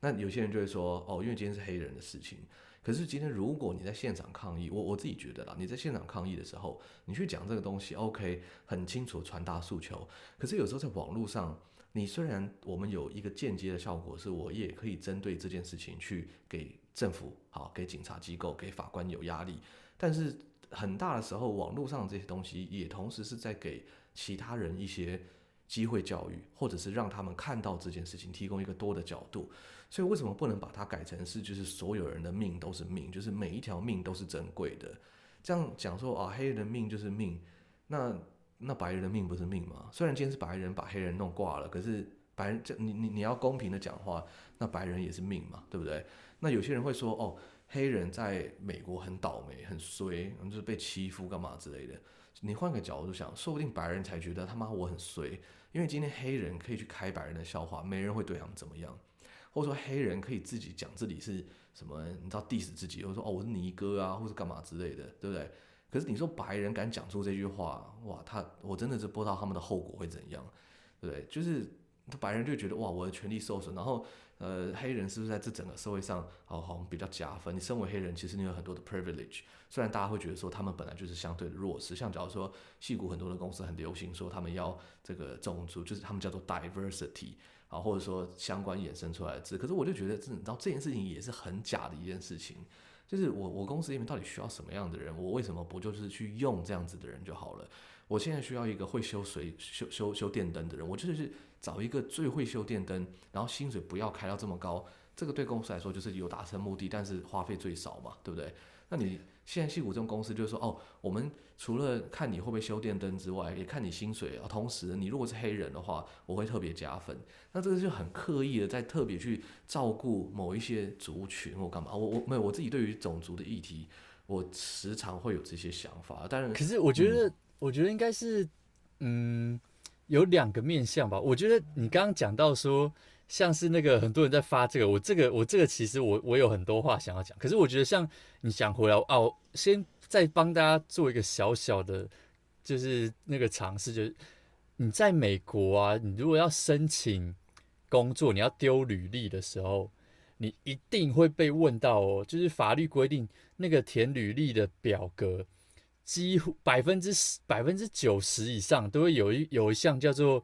那有些人就會說，哦，因為今天是黑人的事情。可是今天如果你在現場抗議，我我自己覺得啦，你在現場抗議的時候，你去講這個東西，OK，很清楚傳達訴求。可是有時候在網絡上，你雖然我們有一個間接的效果，是我也可以針對這件事情去給政府、好、哦、給警察機構、給法官有壓力。但是很大的時候，網絡上這些東西也同時是在給其他人一些機會教育，或者是讓他們看到這件事情，提供一個多的角度。所以為什麼不能把它改成是就是所有人的命都是命，就是每一條命都是珍貴的？這樣講說啊，黑人的命就是命，那那白人的命不是命嗎？雖然今天是白人把黑人弄掛了，可是白人，這你你你要公平的講話，那白人也是命嘛，對不對？那有些人會說哦，黑人在美國很倒霉很衰，就是被欺負幹嘛之類的。你換個角度想，說不定白人才覺得他媽我很衰，因為今天黑人可以去開白人的笑話，沒人會對他們怎麼樣。或者說黑人可以自己講自己是什麼，你知道 diss 自己，或者說哦，我是尼哥啊，或是幹嘛之類的，對不對？可是你說白人敢講出這句話，哇，他我真的是不知道他們的後果會怎樣，對不對？就是白人就覺得哇，我的權利受損，然後呃，黑人是不是在這整個社會上好像比較加分？你身為黑人，其實你有很多的 privilege，雖然大家會覺得說他們本來就是相對的弱勢，像假如說矽谷很多的公司很流行說他們要這個種族，就是他們叫做 diversity。啊，或者說相關衍生出來的字，可是我就覺得這，你知道這件事情也是很假的一件事情，就是我我公司裡面到底需要什麼樣的人，我為什麼不就是去用這樣子的人就好了？我現在需要一個會修水修修修電燈的人，我就是去找一個最會修電燈，然後薪水不要開到這麼高，這個對公司來說就是有達成目的，但是花費最少嘛，對不對？那你。嗯現在戲骨這種公司就是說哦，我們除了看你會不會修電燈之外，也看你薪水。哦，同時，你如果是黑人的話，我會特別加分。那這個就很刻意的在特別去照顧某一些族群或幹嘛。我我沒有，我自己對於種族的議題，我時常會有這些想法。但是，可是我覺得，嗯，我覺得應該是，嗯，有兩個面向吧。我覺得你剛剛講到說。像是那個很多人在發這個，我這個我這個其實我我有很多話想要講，可是我覺得像你想回來哦、啊，我先再幫大家做一個小小的，就是那個嘗試，就是你在美國啊，你如果要申請工作，你要丟履歷的時候，你一定會被問到哦，就是法律規定那個填履歷的表格，幾乎百分之十百分之九十以上都會有一有一項叫做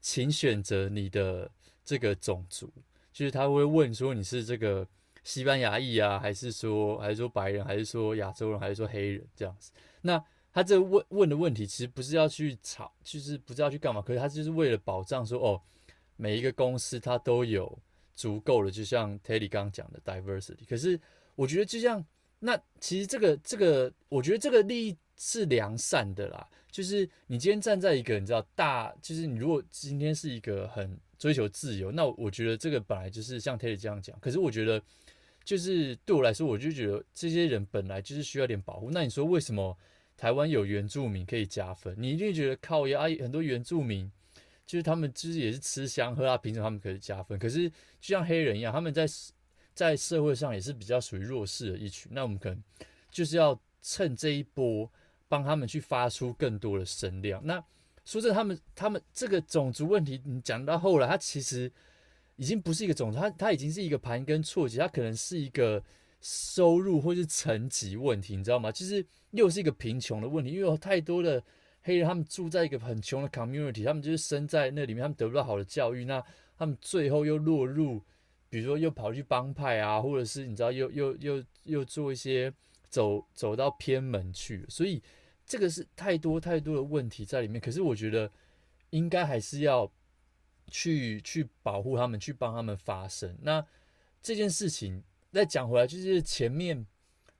請選擇你的。這個種族，就是他會問說你是這個西班牙裔啊，還是說還是說白人，還是說亞洲人，還是說黑人這樣子。那他這問問的問題，其實不是要去吵，就是不知道去幹嘛。可是他就是為了保障說哦，每一個公司他都有足夠的，就像 Teddy 剛剛講的 diversity。可是我覺得就像那其實這個這個，我覺得這個利益是良善的啦。就是你今天站在一個你知道大，就是你如果今天是一個很追求自由，那我覺得這個本來就是像 Teddy 這樣講。可是我覺得，就是對我來說，我就覺得這些人本來就是需要點保護。那你說為什麼台灣有原住民可以加分？你一定覺得靠呀，啊，很多原住民就是他們就是也是吃香喝辣，啊，憑什麼他們可以加分？可是就像黑人一樣，他們在在社會上也是比較屬於弱勢的一群。那我們可能就是要趁這一波，幫他們去發出更多的聲量。那說真的，他們他們這個種族問題，你講到後來，他其實已經不是一個種族，他他已經是一個盤根錯節，他可能是一個收入或是層級問題，你知道嗎？其實又是一個貧窮的問題，因為有太多的黑人他們住在一個很窮的 community，他們就是生在那裡面，他們得不到好的教育，那他們最後又落入，比如說又跑去幫派啊，或者是你知道又又又又做一些走走到偏門去，所以。這個是太多太多的問題在裡面，可是我覺得應該還是要去去保護他們，去幫他們發聲。那這件事情再講回來，就是前面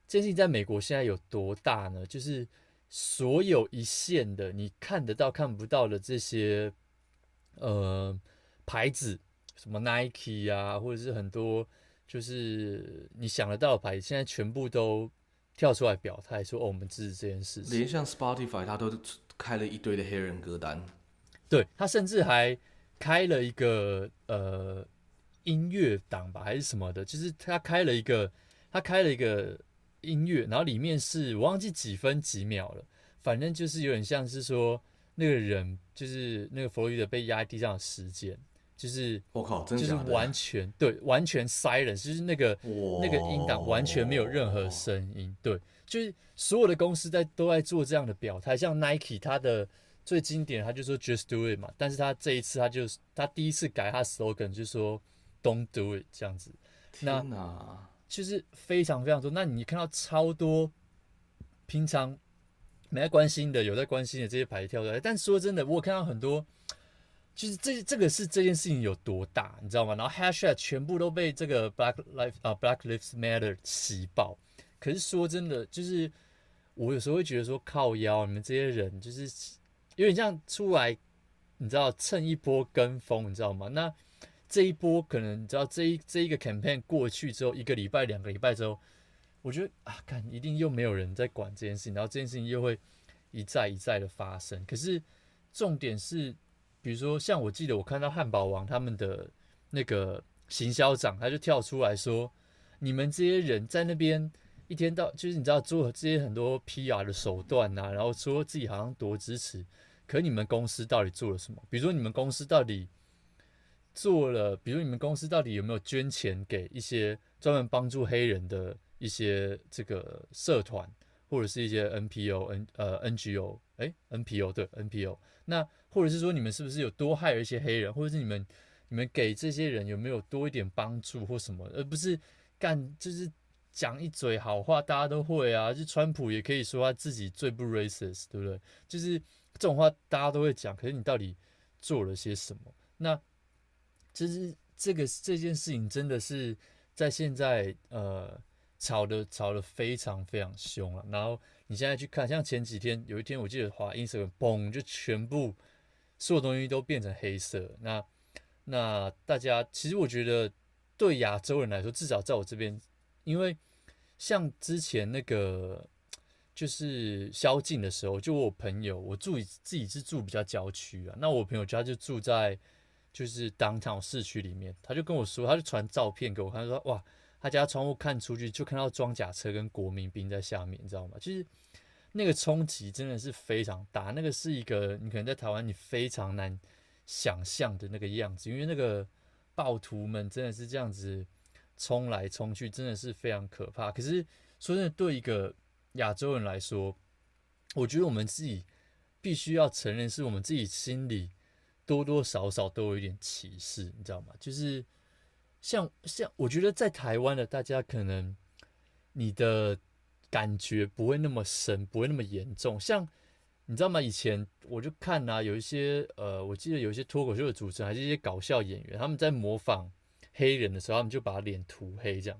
這件事情在美國現在有多大呢？就是所有一線的你看得到看不到的這些呃牌子，什麼 Nike 啊，或者是很多就是你想得到的牌子，現在全部都。跳出來表態說：“哦，我們支持這件事情。”連像 Spotify，他都開了一堆的黑人歌單。對，他甚至還開了一個呃音樂檔吧，還是什麼的。就是他開了一個，他開了一個音樂，然後裡面是我忘記幾分幾秒了，反正就是有點像是說那個人，就是那個佛洛伊德被壓在地上的時間。就是我、oh, 靠，就是完全對，完全 silence 就是那個、oh, 那個音檔完全沒有任何聲音，oh. 對，就是所有的公司在都在做這樣的表態，像 Nike 他的最經典，他就說 Just Do It 嘛，但是他這一次他就他第一次改他的 slogan 就說 Don't Do It 這樣子，那啊，就是非常非常多，那你看到超多平常沒在關心的，有在關心的這些牌跳出來，但說真的，我有看到很多。就是這這個是這件事情有多大，你知道嗎？然後 hashtag 全部都被這個 Black Life 啊 Black Lives Matter 吸爆。可是說真的，就是我有時候會覺得說靠腰，你們這些人就是有點像出來，你知道蹭一波跟風，你知道嗎？那這一波可能，你知道這一這一個 campaign 過去之後，一個禮拜、兩個禮拜之後，我覺得啊，幹，一定又沒有人在管這件事情，然後這件事情又會一再一再的發生。可是重點是。比如說，像我記得我看到漢堡王他們的那個行銷長，他就跳出來說：“你們這些人在那邊一天到，就是你知道做這些很多 PR 的手段啊，然後說自己好像多支持，可是你們公司到底做了什麼？比如說你們公司到底做了，比如你們公司到底有沒有捐錢給一些專門幫助黑人的一些這個社團，或者是一些 NPO、N 呃 NGO？欸 NPO 對 NPO 那。”或者是說你們是不是有多害了一些黑人，或者是你們你們給這些人有沒有多一點幫助或什麼，而不是幹就是講一嘴好話，大家都會啊，就是，川普也可以說他自己最不 racist，對不對？就是這種話大家都會講，可是你到底做了些什麼？那就是這個這件事情真的是在現在呃吵得，吵得非常非常兇了啊。然後你現在去看，像前幾天有一天我記得滑 Instagram 嘣就全部。所有東西都變成黑色。那那大家，其實我覺得，對亞洲人來說，至少在我這邊，因為像之前那個就是宵禁的時候，就我朋友，我住自己是住比較郊區啊。那我朋友家就，就住在就是 downtown 市區裡面，他就跟我說，他就傳照片給我看，他說哇，他家窗戶看出去就看到裝甲車跟國民兵在下面，你知道嗎？其實。那個衝擊真的是非常大，那個是一個你可能在台灣你非常難想象的那個樣子，因為那個暴徒們真的是這樣子衝來衝去，真的是非常可怕。可是說真的，對一個亞洲人來說，我覺得我們自己必須要承認，是我們自己心裡多多少少都有一點歧視，你知道嗎？就是像像我覺得在台灣的大家可能你的。感覺不會那麼深，不會那麼嚴重。像你知道嗎？以前我就看啊，有一些呃，我記得有一些脫口秀的主持人，還是一些搞笑演員，他們在模仿黑人的時候，他們就把臉塗黑這樣。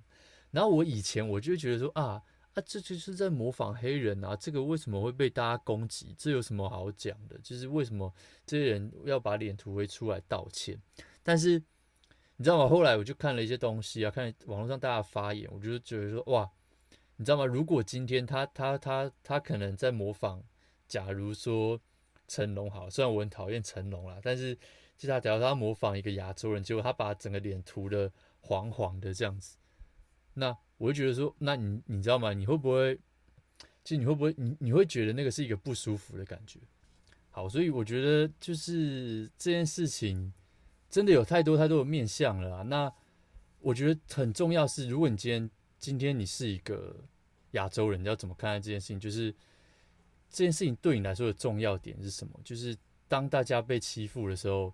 然後我以前我就覺得說啊啊，這就是在模仿黑人啊，這個為什麼會被大家攻擊？這有什麼好講的？就是為什麼這些人要把臉塗黑出來道歉？但是你知道嗎？後來我就看了一些東西啊，看網絡上大家發言，我就覺得說哇。你知道嗎？如果今天他他他他可能在模仿，假如說成龍好，雖然我很討厭成龍啊，但是其實他只要他模仿一個亞洲人，結果他把整個臉塗的黃黃的這樣子，那我就覺得說，那你你知道嗎？你會不會，其實你會不會，你你會覺得那個是一個不舒服的感覺？好，所以我覺得就是這件事情真的有太多太多的面向了。那我覺得很重要是，如果你今天。今天你是一個亞洲人，你要怎麼看待這件事情？就是這件事情對你來說的重要點是什麼？就是當大家被欺負的時候，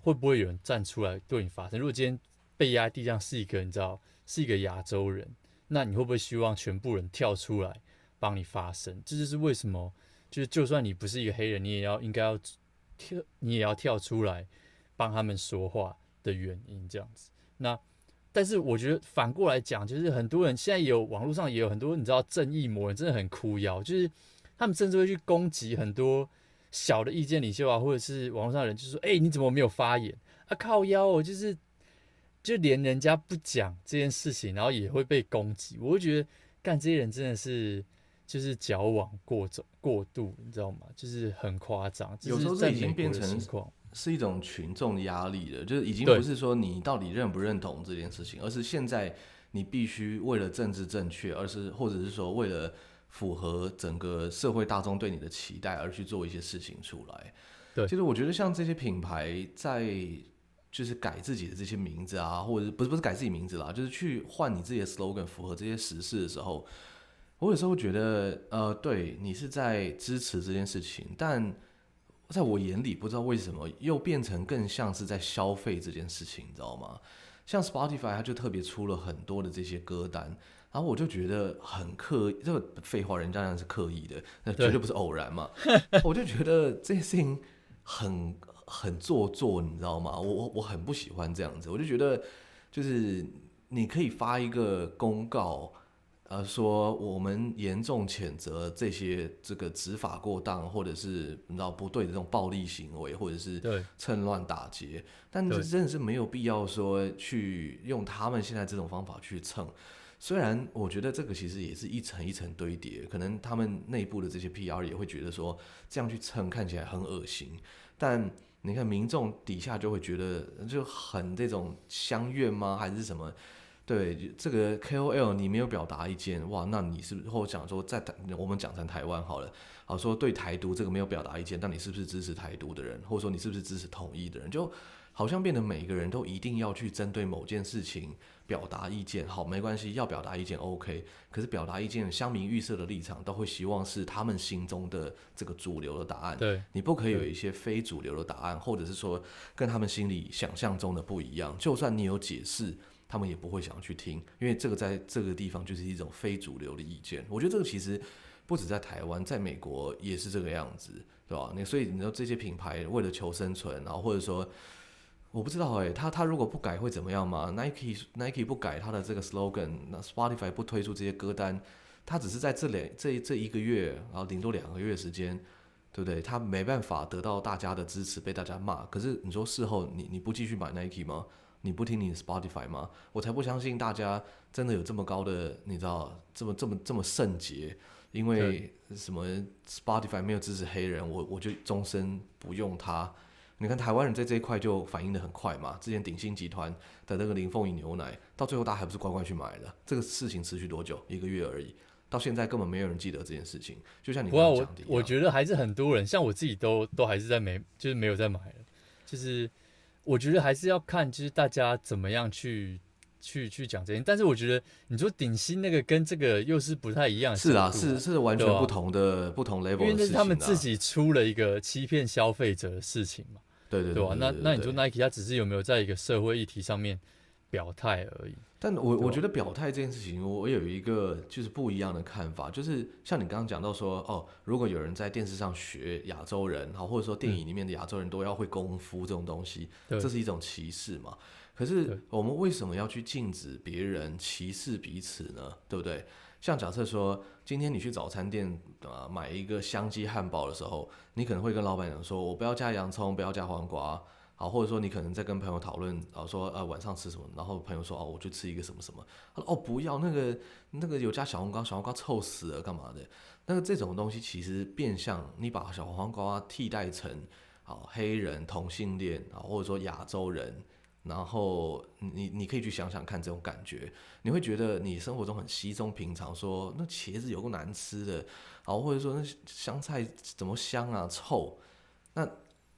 會不會有人站出來對你發聲？如果今天被壓在地上是一個，你知道是一個亞洲人，那你會不會希望全部人跳出來幫你發聲？這就是為什麼，就是就算你不是一個黑人，你也要應該要跳，你也要跳出來幫他們說話的原因。這樣子，那。但是我覺得反過來講，就是很多人現在有網絡上也有很多你知道正義魔人真的很靠腰，就是他們甚至會去攻擊很多小的意見領袖啊，或者是網絡上的人，就說欸，你怎麼沒有發言啊，靠腰喔，就是就連人家不講這件事情，然後也會被攻擊。我覺得幹這些人真的是，就是矯枉過正過度，你知道嗎？就是很誇張，就是在美國的情況，有時候就已經變成。是一種群眾壓力的，就是已經不是說你到底認不認同這件事情，而是現在你必須為了政治正確，而是或者是說為了符合整個社會大眾對你的期待而去做一些事情出來。對，其實我覺得像這些品牌在就是改自己的這些名字啊，或者不是不是改自己名字啦，就是去換你自己的 slogan，符合這些時事的時候，我有時候會覺得呃，對，你是在支持這件事情，但。在我眼裡，不知道為什麼又變成更像是在消費這件事情，你知道嗎？像 Spotify 它就特別出了很多的這些歌單，然後我就覺得很刻意，這個廢話，人家那是刻意的，那絕對不是偶然嘛。我就覺得這些事情很很做作，你知道嗎？我我我很不喜歡這樣子，我就覺得就是你可以發一個公告。呃，說我們嚴重譴責這些這個執法過當，或者是你知道不對的這種暴力行為，或者是對趁亂打劫，但是真的是沒有必要說去用他們現在這種方法去蹭。雖然我覺得這個其實也是一層一層堆疊，可能他們內部的這些 PR 也會覺得說這樣去蹭看起來很噁心，但你看民眾底下就會覺得就很這種相怨嗎？還是什麼？對這個 KOL，你沒有表達意見，哇，那你是不是或我想說在台？我們講成台灣好了，好說對台獨這個沒有表達意見，那你是不是支持台獨的人，或者說你是不是支持統一的人？就好像變得每一個人都一定要去針對某件事情表達意見，好，沒關係，要表達意見 OK。可是表達意見，鄉民預設的立場都會希望是他們心中的這個主流的答案，對，你不可以有一些非主流的答案，或者是說跟他們心裡想象中的不一樣，就算你有解釋。他們也不會想去聽，因為這個在這個地方就是一種非主流的意見。我覺得這個其實不止在台灣，在美國也是這個樣子，對吧？那所以你說這些品牌為了求生存，然後或者說，我不知道誒、欸，他他如果不改會怎麼樣嗎？Nike Nike 不改他的這個 slogan，那 Spotify 不推出這些歌單，他只是在這兩這這一個月，然後頂多兩個月時間，對不對？他沒辦法得到大家的支持，被大家罵。可是你說事後你你不繼續買 Nike 嗎？你不聽你的 Spotify 嗎？我才不相信大家真的有這麼高的，你知道，這麼這麼這麼聖潔。因為什麼 Spotify 沒有支持黑人，我我就終身不用它。你看台灣人在這一塊就反應得很快嘛。之前鼎新集團的那個林鳳營牛奶，到最後大家還不是乖乖去買了。這個事情持續多久？一個月而已，到現在根本沒有人記得這件事情。就像你剛剛講的，我，我覺得還是很多人，像我自己都都還是在沒就是沒有在買就是。我覺得還是要看，就是大家怎麼樣去去去講這件，但是我覺得你說頂新那個跟這個又是不太一樣，是啊，是是完全不同的不同 level，因為那是他們自己出了一個欺騙消費者的事情嘛，對對對、對、對、對、對吧？那那你說 Nike 他只是有沒有在一個社會議題上面表態而已？但我我覺得表態這件事情，我有一個就是不一樣的看法，就是像你剛剛講到說，哦，如果有人在電視上學亞洲人，好，或者說電影裡面的亞洲人都要會功夫這種東西，嗯，這是一種歧視嘛？可是我們為什麼要去禁止別人歧視彼此呢？對不對？像假設說，今天你去早餐店啊買一個香雞漢堡的時候，你可能會跟老闆娘說，我不要加洋蔥，不要加黃瓜。啊，或者說你可能在跟朋友討論，然後，啊，說呃晚上吃什麼，然後朋友說哦我去吃一個什麼什麼，他說哦不要那個那個有加小黃瓜，小黃瓜臭死了，幹嘛的？那個這種東西其實變相你把小黃瓜替代成啊黑人同性戀啊，或者說亞洲人，然後你你可以去想想看這種感覺，你會覺得你生活中很稀鬆平常說，說那茄子有個難吃的，好、啊、或者說那香菜怎麼香啊臭，那。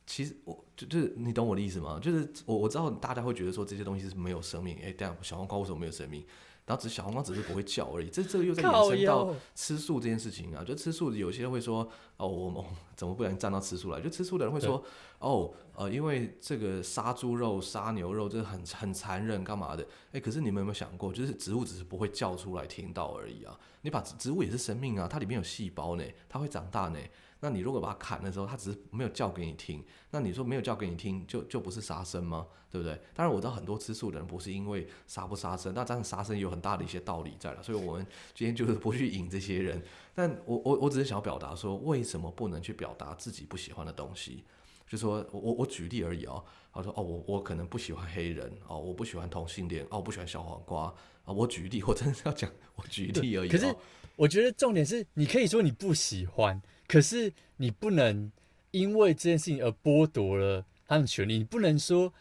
其實我就就是你懂我的意思嗎？就是我我知道大家會覺得說，這些東西是沒有生命，誒、欸，但小黃瓜為什麼沒有生命？然後只是小黃瓜只是不會叫而已。 這這個又在衍生到吃素這件事情啊，就吃素有些人會說哦，我哦怎麼不能站到吃素來？就吃素的人會說哦，呃，因為這個殺豬肉，殺牛肉，這很很殘忍，幹嘛的？誒、欸，可是你們有沒有想過，就是植物只是不會叫出來聽到而已啊？你把植物也是生命啊，它裡面有細胞呢，它會長大呢。那你如果把它砍的時候，他只是沒有叫給你聽，那你說沒有叫給你聽，就就不是殺生嗎？對不對？當然，我知道很多吃素的人不是因為殺不殺生，那當然殺生有很大的一些道理在了。所以我們今天就是不去引這些人。但我我我只是想要表達說，為什麼不能去表達自己不喜歡的東西？就說我我我舉例而已哦、喔。他說哦，我我可能不喜歡黑人哦，我不喜歡同性戀哦，我不喜歡小黃瓜啊、哦。我舉例，我真的是要講我舉例而已、喔。可是我覺得重點是你可以說你不喜歡。可是你不能因為這件事情而剝奪了他的權利，你不能說。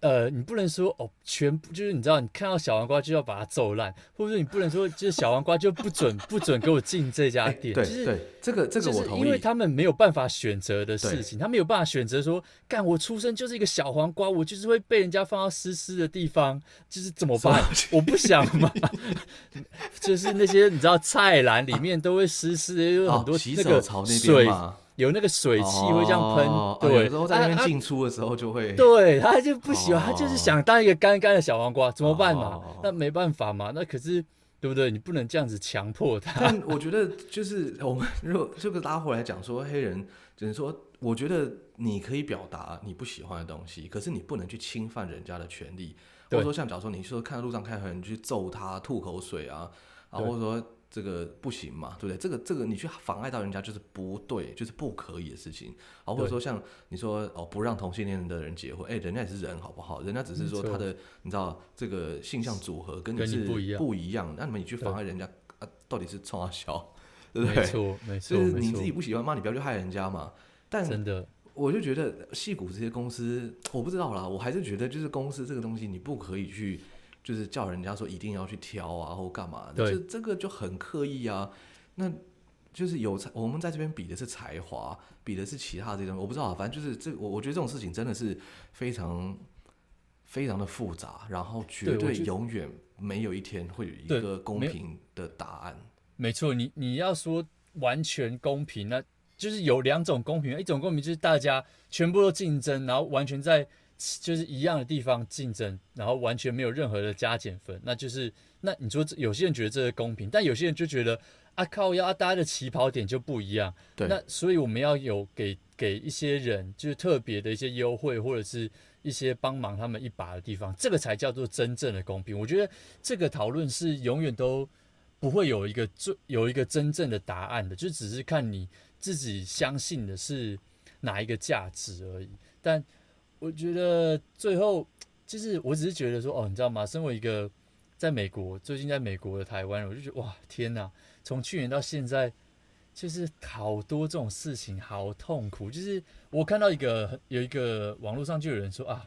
呃，你不能說哦，全部就是你知道，你看到小黃瓜就要把它揍爛，或者說你不能說就是小黃瓜就不准 不准給我進這家店。對、欸就是、對，這個這個我同意，就是、因為他們沒有辦法選擇的事情，他沒有辦法選擇說，幹我出生就是一個小黃瓜，我就是會被人家放到濕濕的地方，就是怎麼辦？麼我不想嘛， 就是那些你知道菜籃裡面都會濕濕的，也、啊、有、就是、很多那個水。有那個水汽會這樣噴、哦、對、啊，有時候在那邊進出的時候就會，啊啊、對他就不喜歡、啊，他就是想當一個乾干的小黃瓜，啊、怎麼辦嘛、啊？那沒辦法嘛？那可是對不對？你不能這樣子強迫他。但我覺得就是我們如果這個拉回來講說，黑人只能說，我覺得你可以表達你不喜歡的東西，可是你不能去侵犯人家的權利，啊、或者說像，假如說你說看到路上看到人去揍他、吐口水啊，啊，或者說。這個不行嘛，對不對？這個這個你去妨礙到人家就是不對，就是不可以的事情。啊、哦，或者說像你說哦，不讓同性戀的人結婚，哎、欸，人家也是人，好不好？人家只是說他的，你知道這個性向組合跟你是不一樣，不一樣。那麼你去妨礙人家、啊，到底是衝三小？對不對？沒錯，沒錯，就是你自己不喜歡嘛，你不要去害人家嘛。但真的，我就覺得戲骨這些公司，我不知道啦。我還是覺得就是公司這個東西，你不可以去。就是叫人家說一定要去挑啊或，或幹嘛，就這個就很刻意啊。那就是有才，我們在這邊比的是才華，比的是其他這種。我不知道啊，反正就是這，我我覺得這種事情真的是非常非常的複雜，然後絕對永遠沒有一天會有一個公平的答案。沒錯，你你要說完全公平，那就是有兩種公平，一種公平就是大家全部都競爭，然後完全在。就是一樣的地方競爭，然後完全沒有任何的加減分，那就是，那你說，有些人覺得這個公平，但有些人就覺得啊靠，要啊，要大家的起跑點就不一樣。對，那所以我們要有給給一些人就是特別的一些優惠或者是一些幫忙他們一把的地方，這個才叫做真正的公平。我覺得這個討論是永遠都不會有一個最，有一個真正的答案的，就只是看你自己相信的是哪一個價值而已，但。我覺得最後，就是我只是覺得說，哦，你知道嗎？身為一個在美國，最近在美國的台灣，我就覺得哇，天吶！從去年到現在，就是好多這種事情，好痛苦。就是我看到一個，有一個網絡上就有人說啊，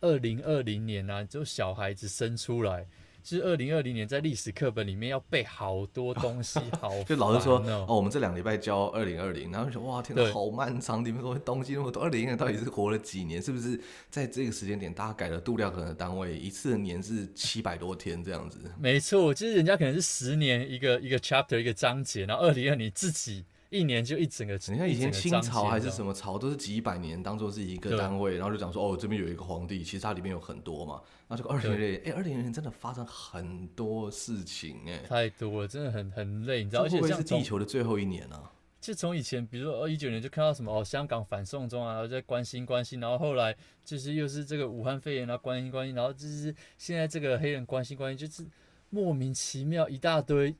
二零二零年吶、啊，就小孩子生出來。是二零二零年，在歷史課本裡面要背好多東西，好、喔、 就老師說哦，我們這兩禮拜教二零二零，然後就說哇，天哪、啊，好漫長，裡面可可東西那麼多。二零二零年到底是活了幾年？是不是在這個時間點，大家改了度量衡的單位，一次年是七百多天這樣子？ 沒錯，其、就、實、是、人家可能是十年一個一個 chapter 一個章節，然後二零二零自己一年就一整個。你看以前清朝還是什麼朝， 都是幾百年當做是一個單位，然後就講說哦，這邊有一個皇帝，其實它裡面有很多嘛。那這個二零二零哎，二零二零年真的發生很多事情哎、欸，太多了，真的很很累，你知道？而且是地球的最後一年啊。從就從以前，比如說二一九年，就看到什麼哦，香港反送中啊，然後在關心關心，然後後來就是又是這個武漢肺炎啊，關心關心，然後就是現在這個黑人關心關心，就是莫名其妙一大堆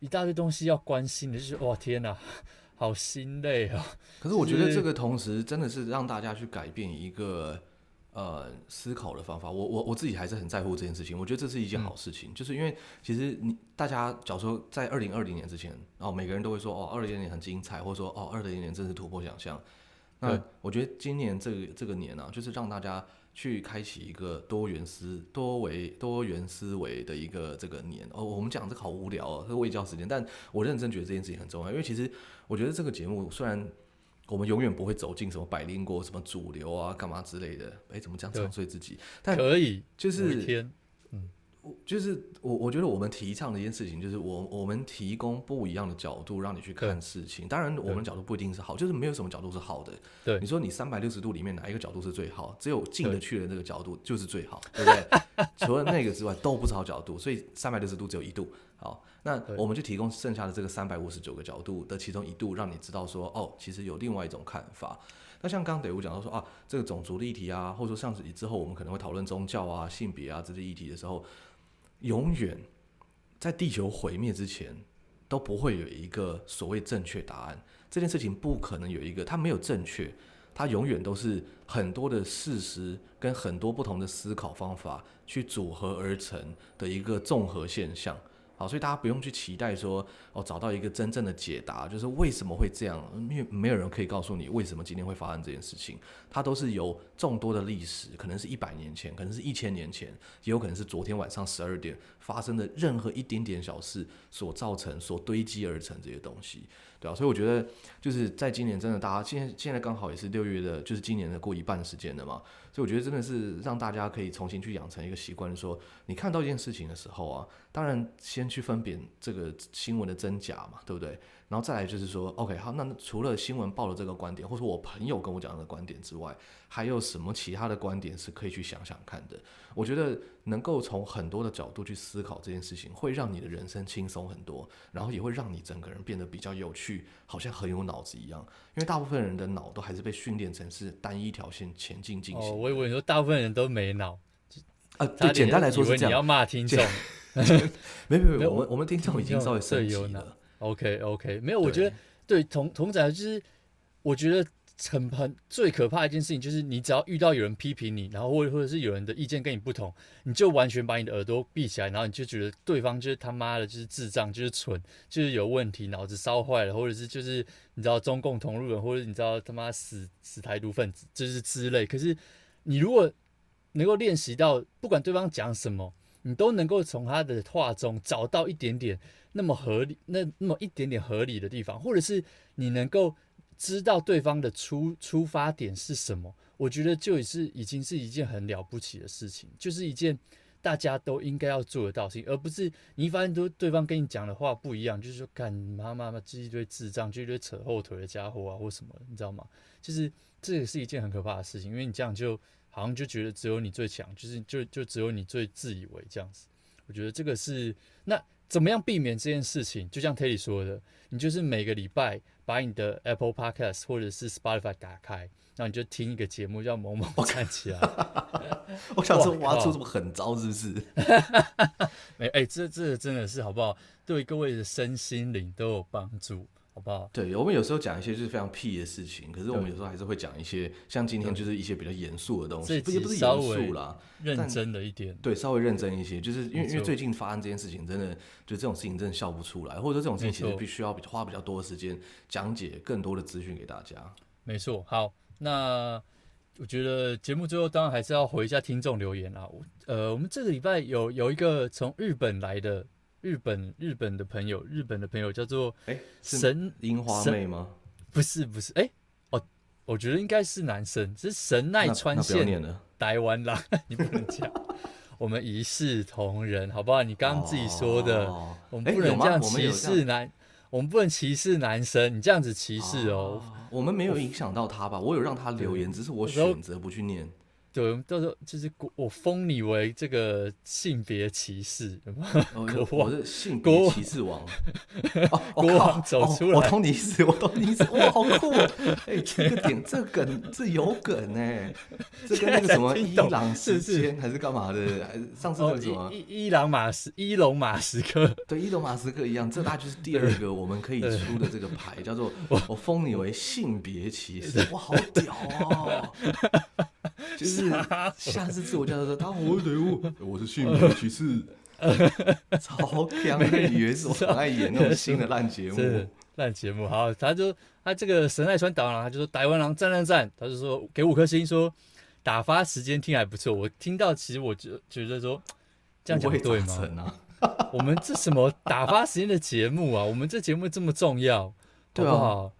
一大堆東西要關心的，就是哇天哪，好心累啊。可是我覺得這個同時真的是讓大家去改變一個。呃，思考的方法，我我我自己還是很在乎這件事情。我覺得這是一件好事情，嗯、就是因為其實你大家，假如說在二零二零年之前，後、哦、每個人都會說哦，二零二零年很精彩，或者說哦，二零二零年真是突破想象。那我覺得今年這個這個年呢、啊，就是讓大家去開啟一個多元思、多維多元思維的一個這個年。哦，我們講這個好無聊啊，這是衛教時間，但我認真覺得這件事情很重要，因為其實我覺得這個節目雖然。我們永遠不會走進什麼百靈國、什麼主流啊、幹嘛之類的。哎，怎麼這樣唱衰自己？但可以，就是。就是我，我覺得我們提倡的一件事情，就是我我們提供不一樣的角度讓你去看事情。嗯、當然，我們角度不一定是好，就是沒有什麼角度是好的。對，你說你三百六十度裡面哪一個角度是最好？只有進得去的那個角度就是最好，對，對不對？ 除了那個之外都不是好角度，所以三百六十度只有一度。好，那我們就提供剩下的這個三百五十九個角度的其中一度，讓你知道說哦，其實有另外一種看法。那像剛剛德武講到說啊，這個種族的議題啊，或者說像是之後我們可能會討論宗教啊、性別啊這些議題的時候，永遠在地球毀滅之前，都不會有一個所謂正確答案。這件事情不可能有一個，它沒有正確，它永遠都是很多的事實跟很多不同的思考方法去組合而成的一個綜合現象。好，所以大家不用去期待說，哦，找到一個真正的解答，就是為什麼會這樣？因為沒有人可以告訴你為什麼今天會發生這件事情，它都是有眾多的歷史，可能是一百年前，可能是一千年前，也有可能是昨天晚上十二點，發生的任何一點點小事所造成，所堆積而成這些東西，對啊。所以我覺得，就是在今年，真的大家現在現在剛好也是六月的，就是今年的過一半時間的嘛。所以我覺得真的是讓大家可以重新去養成一個習慣，說你看到一件事情的時候啊，當然先去分辨這個新聞的真假嘛，對不對？然後再來就是說，OK，好，那除了新聞報的這個觀點，或者我朋友跟我講的觀點之外，還有什麼其他的觀點是可以去想想看的？我覺得能夠從很多的角度去思考這件事情，會讓你的人生輕鬆很多，然後也會讓你整個人變得比較有趣，好像很有腦子一樣。因為大部分人的腦都還是被訓練成是單一條線前進進行。哦。我以為你說大部分人都沒腦，就啊，對簡單來說是這樣你要罵聽眾？呵呵沒沒沒，沒有我們我們聽眾已經稍微升級了。OK OK，沒有，我覺得對同同仔就是，我覺得，我覺得很很最可怕的一件事情就是，你只要遇到有人批評你，然後或或者是有人的意見跟你不同，你就完全把你的耳朵閉起來，然後你就覺得對方就是他媽的，就是智障，就是蠢，就是有問題，腦子燒壞了，或者是就是你知道中共同路人，或者你知道他媽死死台獨分子，就是之類。可是你如果能夠練習到，不管對方講什麼，你都能夠從他的話中找到一點點。那麼合理，那那麼一點點合理的地方，或者是你能夠知道對方的出出發點是什麼，我覺得就是已經是一件很了不起的事情，就是一件大家都應該要做得到的，而不是你一發現都對方跟你講的話不一樣，就說媽媽、就是說幹嘛嘛嘛，這一堆智障，這、就是、一堆扯後腿的家伙啊，或什麼，你知道嗎？就是這也是一件很可怕的事情，因為你這樣就好像就覺得只有你最強，就是就就只有你最自以為這樣子，我覺得這個是那。怎麼樣避免這件事情？就像 Teddy 說的，你就是每個禮拜把你的 Apple Podcast 或者是 Spotify 打開，然後你就聽一個節目叫《某某看起來，》 我想說挖出什麼狠招，是不是？哎哎、 欸欸，這這真的是好不好？對，各位的身心靈都有幫助。好不好？對，我們有時候講一些就是非常屁的事情，可是我們有時候還是會講一些，像今天就是一些比較嚴肅的東西，也不是嚴肅啦，認真的一點，對，稍微認真一些，就是因為因為最近發生這件事情，真的，就這種事情真的笑不出來，或者說這種事情其實必須要比花比較多的時間講解更多的資訊給大家。沒錯，好，那我覺得節目最後當然還是要回一下聽眾留言啊，我呃，我們這個禮拜有有一個從日本來的。日本日本的朋友，日本的朋友叫做哎神櫻、欸、花妹嗎？不是不是哎哦，欸 oh, 我覺得應該是男生，只是神奈川縣。台灣啦，那不要念了 你不能講， 我們一視同仁，好不好？你剛剛自己說的、哦，我們不能這樣歧視男、欸我，我們不能歧視男生，你這樣子歧視哦。我們沒有影響到他吧？我有讓他留言，嗯、只是我選擇不去念。對，就是我封你為這個性別歧視，可不，哦，我是性別歧視王，哦哦，國王走出來，哦、我懂你意思，我懂你意思，我懂你意思 哇，好酷！哎、欸，這個點 這梗，這有梗哎、欸，這跟那個什麼伊朗事件 還、還是幹嘛的？還是上次個什麼、哦、伊伊朗馬斯，伊隆馬斯克， 對，伊隆馬斯克一樣，這大就是第二個我們可以出的這個牌，呃、叫做我封你為性別歧視、呃，哇，好屌哦 就是下次自我介紹的時候他說他好廢物，我我是幸運騎士， 超強，他以為是我愛演那種新的爛節目，爛節目。好，他就他這個神奈川導郎，他就說台灣狼戰戰戰，他就說給五顆星說，說打發時間聽還不錯。我聽到其實我就覺得說這樣講不對嗎？我，啊、我們這什麼打發時間的節目啊？ 我們這節目這麼重要， 好不好？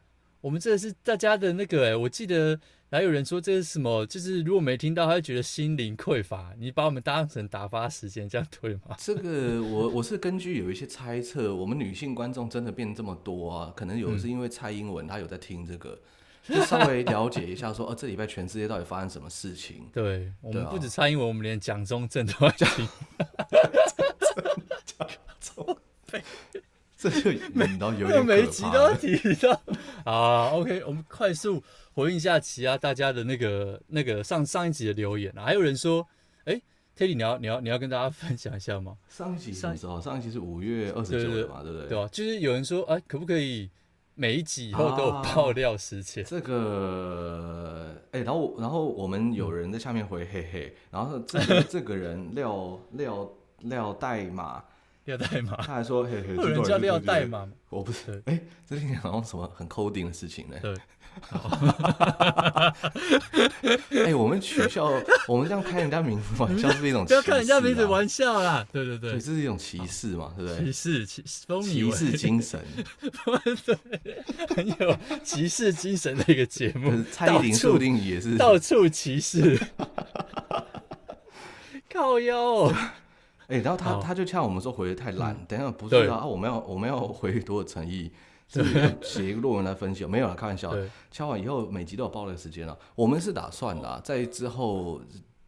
我們這是大家的那個哎、欸，我記得還有人說這是什麼，就是如果沒聽到，他就覺得心靈匱乏。你把我們當成打發時間這樣對嗎？這個我我是根據有一些猜測，我們女性觀眾真的變這麼多啊，可能有的是因為蔡英文、嗯、她有在聽這個，就稍微了解一下說，呃、 啊，這禮拜全世界到底發生什麼事情？對，我們不只蔡英文，啊、我們連蔣中正都要講哈哈哈哈哈，中正。 這就有每，都每一集都要提到 啊，OK，我們快速回應一下其他大家的那個那個上上一集的留言啊，還有人說，哎、欸、Teddy 你要你要你要跟大家分享一下嗎？上一集上一集是五月二十九嘛對對對，對不對？對、啊、就是有人說，哎、啊，可不可以每一集以後都有爆料時間？啊、這個，哎、欸，然後然後我們有人在下面回，嘿嘿，然後這個這個人料 料料，料代碼。要代碼，他還說有嘿嘿人叫料代碼，我不是。哎，最、欸、近好像什麼很 coding 的事情呢？對，哈哈哈哈哈哈！哎，我們取笑， 我們這樣開人家名字玩笑是一種，不要開人家名字玩笑啦。對對對，這、就是一種歧視嘛、啊？對不對對歧視？歧風歧視精神， 對，很有歧視精神的一個節目。就是、蔡依林注定也是到處，到處歧視， 靠腰、喔。誒、欸，然後他他就嗆我們說回的太爛、嗯，等下不是啊，我們要我們要回多少誠意？這裡寫一個論文來分析？沒有了，開玩笑對。敲完以後每集都有爆的時間了。我們是打算的、啊，在、哦、之後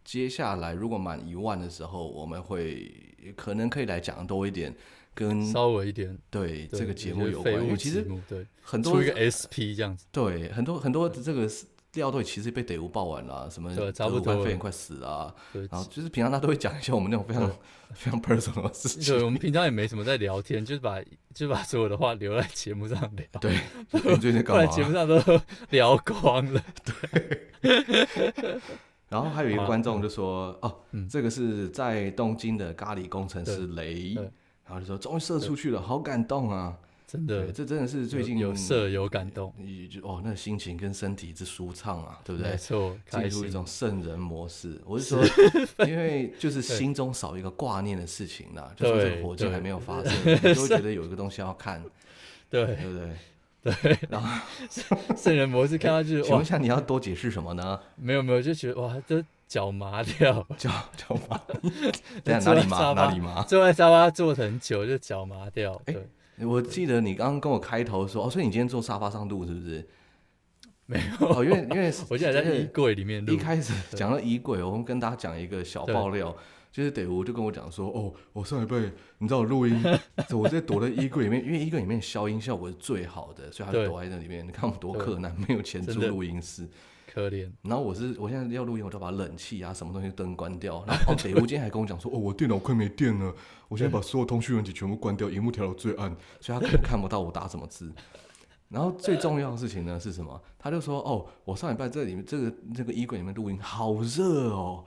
接下來如果滿一萬的時候，我們會可能可以來講多一點，跟稍微一點對，對這個節目有關。我其實對很多對一個 SP 這樣子，對很多很多這個是。嗯料都其實被德無爆完了，什麼招無官，費也快死啊。然後就是平常他都會講一些我們那種非常、嗯、非常 personal 的事情。對，我們平常也沒什麼在聊天， 就是把就把所有的話留在節目上聊。對，你最近幹嘛？節目上都聊光了。 對。 然後還有一個觀眾就說：“啊、哦、嗯，這個是在東京的咖喱工程師雷。”然後就說：“終於射出去了，好感動啊！”真的，這真的是最近有，有色有感動，你就哦，那個、心情跟身體之舒暢啊，對不對？沒錯，進入一種聖人模式。我是說是是，因為就是心中少一個掛念的事情啦，就是火箭還沒有發生。對對，你就會覺得有一個東西要看，對，對不對，對？對，然後聖 人模式看到就是，欸、請問一下，你要多解釋什麼呢？沒有沒有，就覺得哇，這腳麻掉，腳腳麻，對？哪裡麻？哪裡麻？坐在沙發坐很久，就腳麻掉，欸、對，我記得你剛剛跟我開頭說哦，所以你今天坐沙發上錄是不是？沒有、哦、因為因為我現在在衣櫃裡面錄。一開始講到衣櫃，我們跟大家講一個小爆料，對，就是德我就跟我講說哦，我上一輩你知道我錄音，我直接躲在衣櫃裡面， 因為衣櫃裡面消音效果是最好的，所以他就躲在那裡面。你看我們多克難，沒有錢租錄音室。可憐。然後我是，我現在要錄音，我就把冷氣啊、什麼東西、燈關掉。然後、 哦、北屋今天還跟我講說：“ 哦，我電腦快沒電了，我現在把所有的通訊問題全部關掉，熒 幕調到最暗， 所以他根本看不到我打什麼字。”然後最重要的事情呢是什麼？他就說：“哦，我上禮拜在這裡面這個那、這個衣櫃裡面錄音好熱哦。”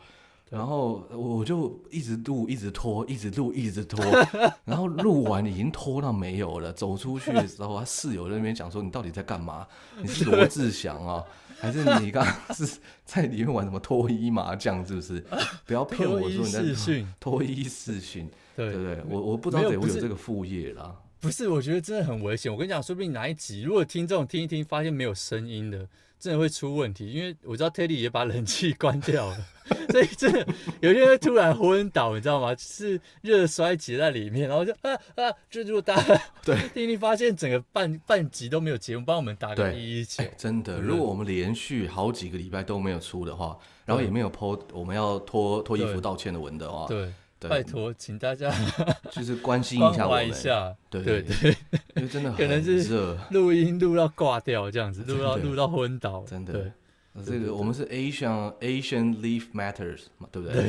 然後我就一直錄，一直拖，一直錄，一直拖。直 然後錄完已經拖到沒有了。走出去的時候，他室友在那邊講說：“你到底在幹嘛？你是羅志祥啊？” 還是你剛是 在裡面玩什麼脫衣麻將，是不是？啊、不要騙我說你在脫衣視訊， 對不對？我我不知道有沒有這個副業啦，不不。不是，我覺得真的很危險。我跟你講，說不定哪一集如果聽眾聽一聽，發現沒有聲音的。真的會出問題，因為我知道 Teddy 也把冷氣關掉了， 所以真的有些人突然昏倒，你知道嗎？就是熱衰竭在裡面，然後就啊啊！就如果大家對 Teddy 發現整個半半集都沒有節目，幫我們打個一一九。欸，真的，嗯，如果我們連續好幾個禮拜都沒有出的話，然後也沒有 po，嗯。我們要脫脫衣服道歉的文的話，對。對拜託，請大家 就是關心一下我們關一下，對對對，就真的很 可能是熱，錄音錄到掛掉這樣子，錄 到錄到昏倒，真的對對對對對。這個我們是 Asian Asian Lives Matters，嘛，對不對？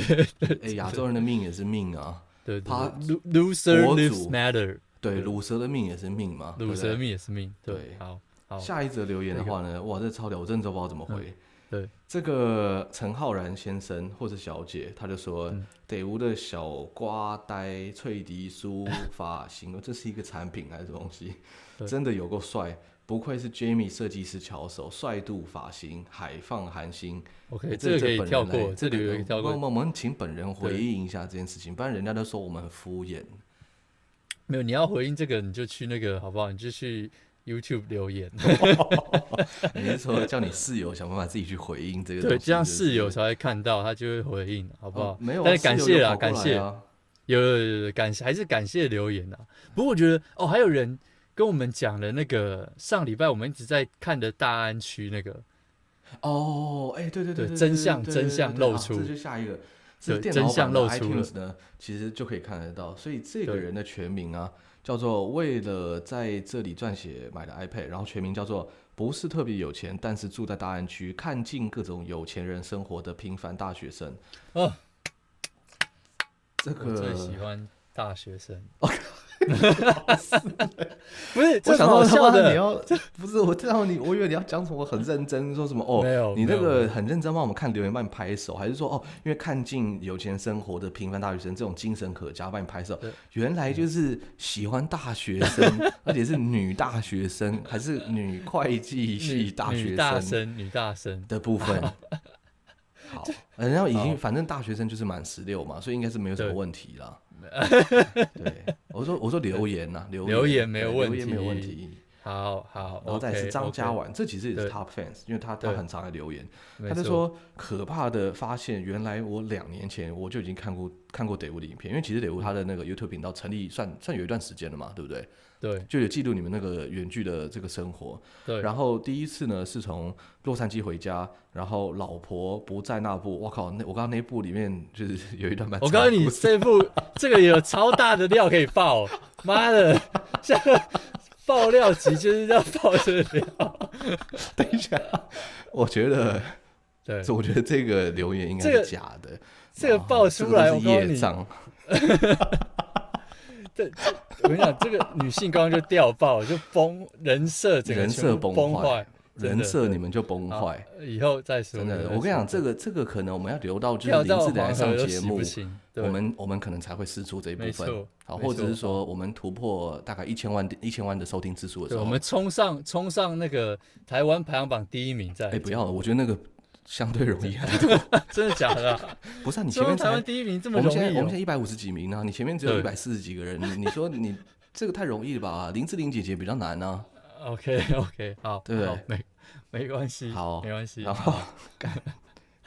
亞、欸、洲人的命也是命啊。對，他魯魯蛇 Lives Matter，對，魯蛇的命也是命嘛。魯蛇命也是命，對。對好，好，下一則留言的話呢，這個、哇，這超屌，我真的都不知道怎麼回。嗯對這個陳浩然先生或者小姐，他就說、嗯、得無的小瓜呆翠笛書髮型， 這是一個產品還是東西？真的有夠帥，不愧是 Jamie 設計師巧手帥度髮型海放韓星。OK，、欸、這個這可以跳過，這個可以跳過。我們我們請本人回應一下這件事情，不然人家都說我們很敷衍。沒有，你要回應這個，你就去那個，好不好？你就去。YouTube 留言， 哦哦哦哦哦，你是說叫你室友想辦法自己去回應這個？ 對，這樣室友才會看到，他就會回應，好不好？哦、沒有，但是感謝啦、啊，感謝，有有有感謝，還是感謝留言啊。不過我覺得哦，還有人跟我們講了那個上禮拜我們一直在看的大安區那個，哦，哎、欸，對對對，真相真相露出，啊、就下一個，這真相露出了，其實就可以看得到，所以這個人的全名啊。叫做為了在這裡撰寫買的 iPad，然後全名叫做不是特別有錢，但是住在大安區，看盡各種有錢人生活的平凡大學生。哦、oh,，這個我最喜歡大學生。Oh 不，是 不是，我想到笑你要，不是，我知道你，我以為你要講什,什麼，我很認真說什麼哦，你這個很認真幫我們看留言幫你拍手，還是說哦，因為看盡有錢生活的平凡大學生這種精神可嘉，幫你拍手。原來就是喜歡大學生，嗯，而且是女大學生，還是女會計系大學生，女大學生，生的部分。 好，然後已經，反正大學生就是滿十六嘛，所以應該是沒有什麼問題了。 對，我說我說留言吶、啊，留言留言沒有問題、欸，留言沒有問題。好好，然後再來是張家婉，這其實也是 top fans，因為他他很常來留言，他就說可怕的發現，原來我兩年前我就已經看過看過得物的影片，因為其實得物他的那個 YouTube 頻道成立算算有一段時間了嘛，對不對？對，就有記錄你們那個遠距的這個生活。對，然後第一次呢，是從洛杉磯回家，然後老婆不在那部，我靠，那我剛剛那部裡面就是有一段蠻，我告訴你，你這部 這個有超大的料可以爆，媽 的，這個爆料級就是要爆這個料。 等一下，我覺得，對，我覺得這個留言應該是假的、這個，這個爆出來，這個、是孽障我告訴你。 對，這我跟你講，這個女性剛剛就掉爆了， 就崩人設，整個人設崩壞，人設你們就崩壞。以後再說真的再說，我跟你講，這個這個可能我們要留到就是理智的來上節目我，我們我們可能才會釋出這一部分。好，或者是說我們突破大概一千萬一千萬的收聽次數的時候，我們衝上衝上那個台灣排行榜第一名，再哎、欸、不要了，我覺得那個。相對容易很多， 真的假的、啊？ 不是啊，你前面三第一名這麼容易，我們現在我們現在一百五十幾名呢、啊，你前面只有一百四十幾個人，你，你說你 這個太容易了吧？林志玲姐姐比較難呢、啊。OK OK，好，對對？沒沒關係，好沒關係，然後幹。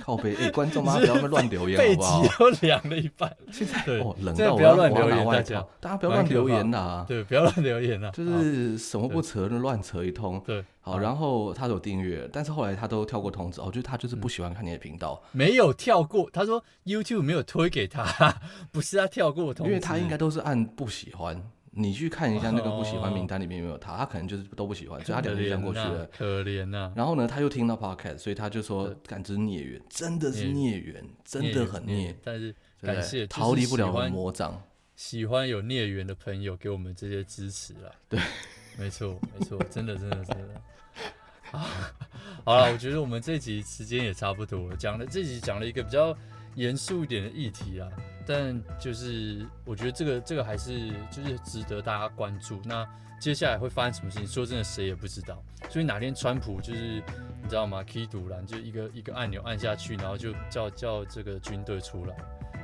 靠背哎、欸，觀眾、 哦、不要亂留言，我背脊都涼了一半。現在哦，冷到要我打外套。大家不要亂留言啦、啊，對，不要亂留言啦，就是什麼不扯亂扯一通。對，好，然後他都有訂閱，但是後來他都跳過通知、過通知哦，就他就是不喜歡看你的頻道、嗯。沒有跳過，他說 YouTube 沒有推給他， 不是他跳過通知，因為他應該都是按不喜歡。你去看一下那個不喜歡名單裡面有沒有他，啊哦、他可能就是都不喜歡，啊、所以他兩互相過去了，可憐吶、啊。然後呢，他又聽到 Podcast，所以他就說，感知孽緣，真的是孽緣，真的很孽。但是感謝是，逃離不了魔掌，喜歡有孽緣的朋友給我們這些支持了。對，沒錯，沒錯，真的，真的真的 啊，好了，我覺得我們這集時間也差不多了，講了這集講了一個比較。嚴肅一點的議題啊，但就是我覺得這個這個還是就是值得大家關注。那接下來會發生什麼事情？說真的，誰也不知道。所以哪天川普就是你知道嗎？key 就一個一個按鈕按下去，然後就叫叫這個軍隊出來，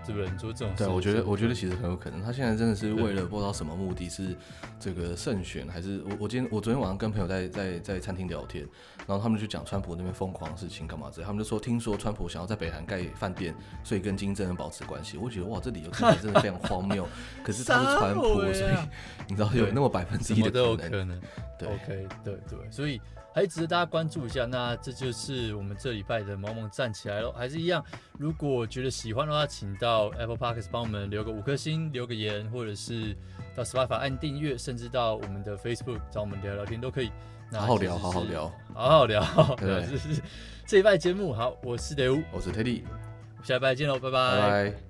是不是？做這種事。對，我覺得我覺得其實很有可能。他現在真的是為了不知道什麼目的，是這個勝選還是我我今天我昨天晚上跟朋友在在在餐廳聊天。然後他們就講川普那邊瘋狂的事情幹嘛的，他們就說聽說川普想要在北韓蓋飯店，所以跟金正恩保持關係。我覺得哇，這理由真的非常荒謬。 可是他是川普，所以你知道有那麼百分之一的可能。都有可能。對，okay, 對對，所以還是值得大家關注一下。那這就是我們這禮拜的萌萌站起來嘍，還是一樣。如果覺得喜歡的話，請到 Apple Podcast 幫我們留個五顆星，留個言，或者是到 Spotify 按訂閱，甚至到我們的 Facebook 找我們聊聊天都可以。好好聊，好好聊，好好聊。對，對，這，這一拜節目好，我是德五，我是 Teddy，下一拜見嘍。拜拜，拜。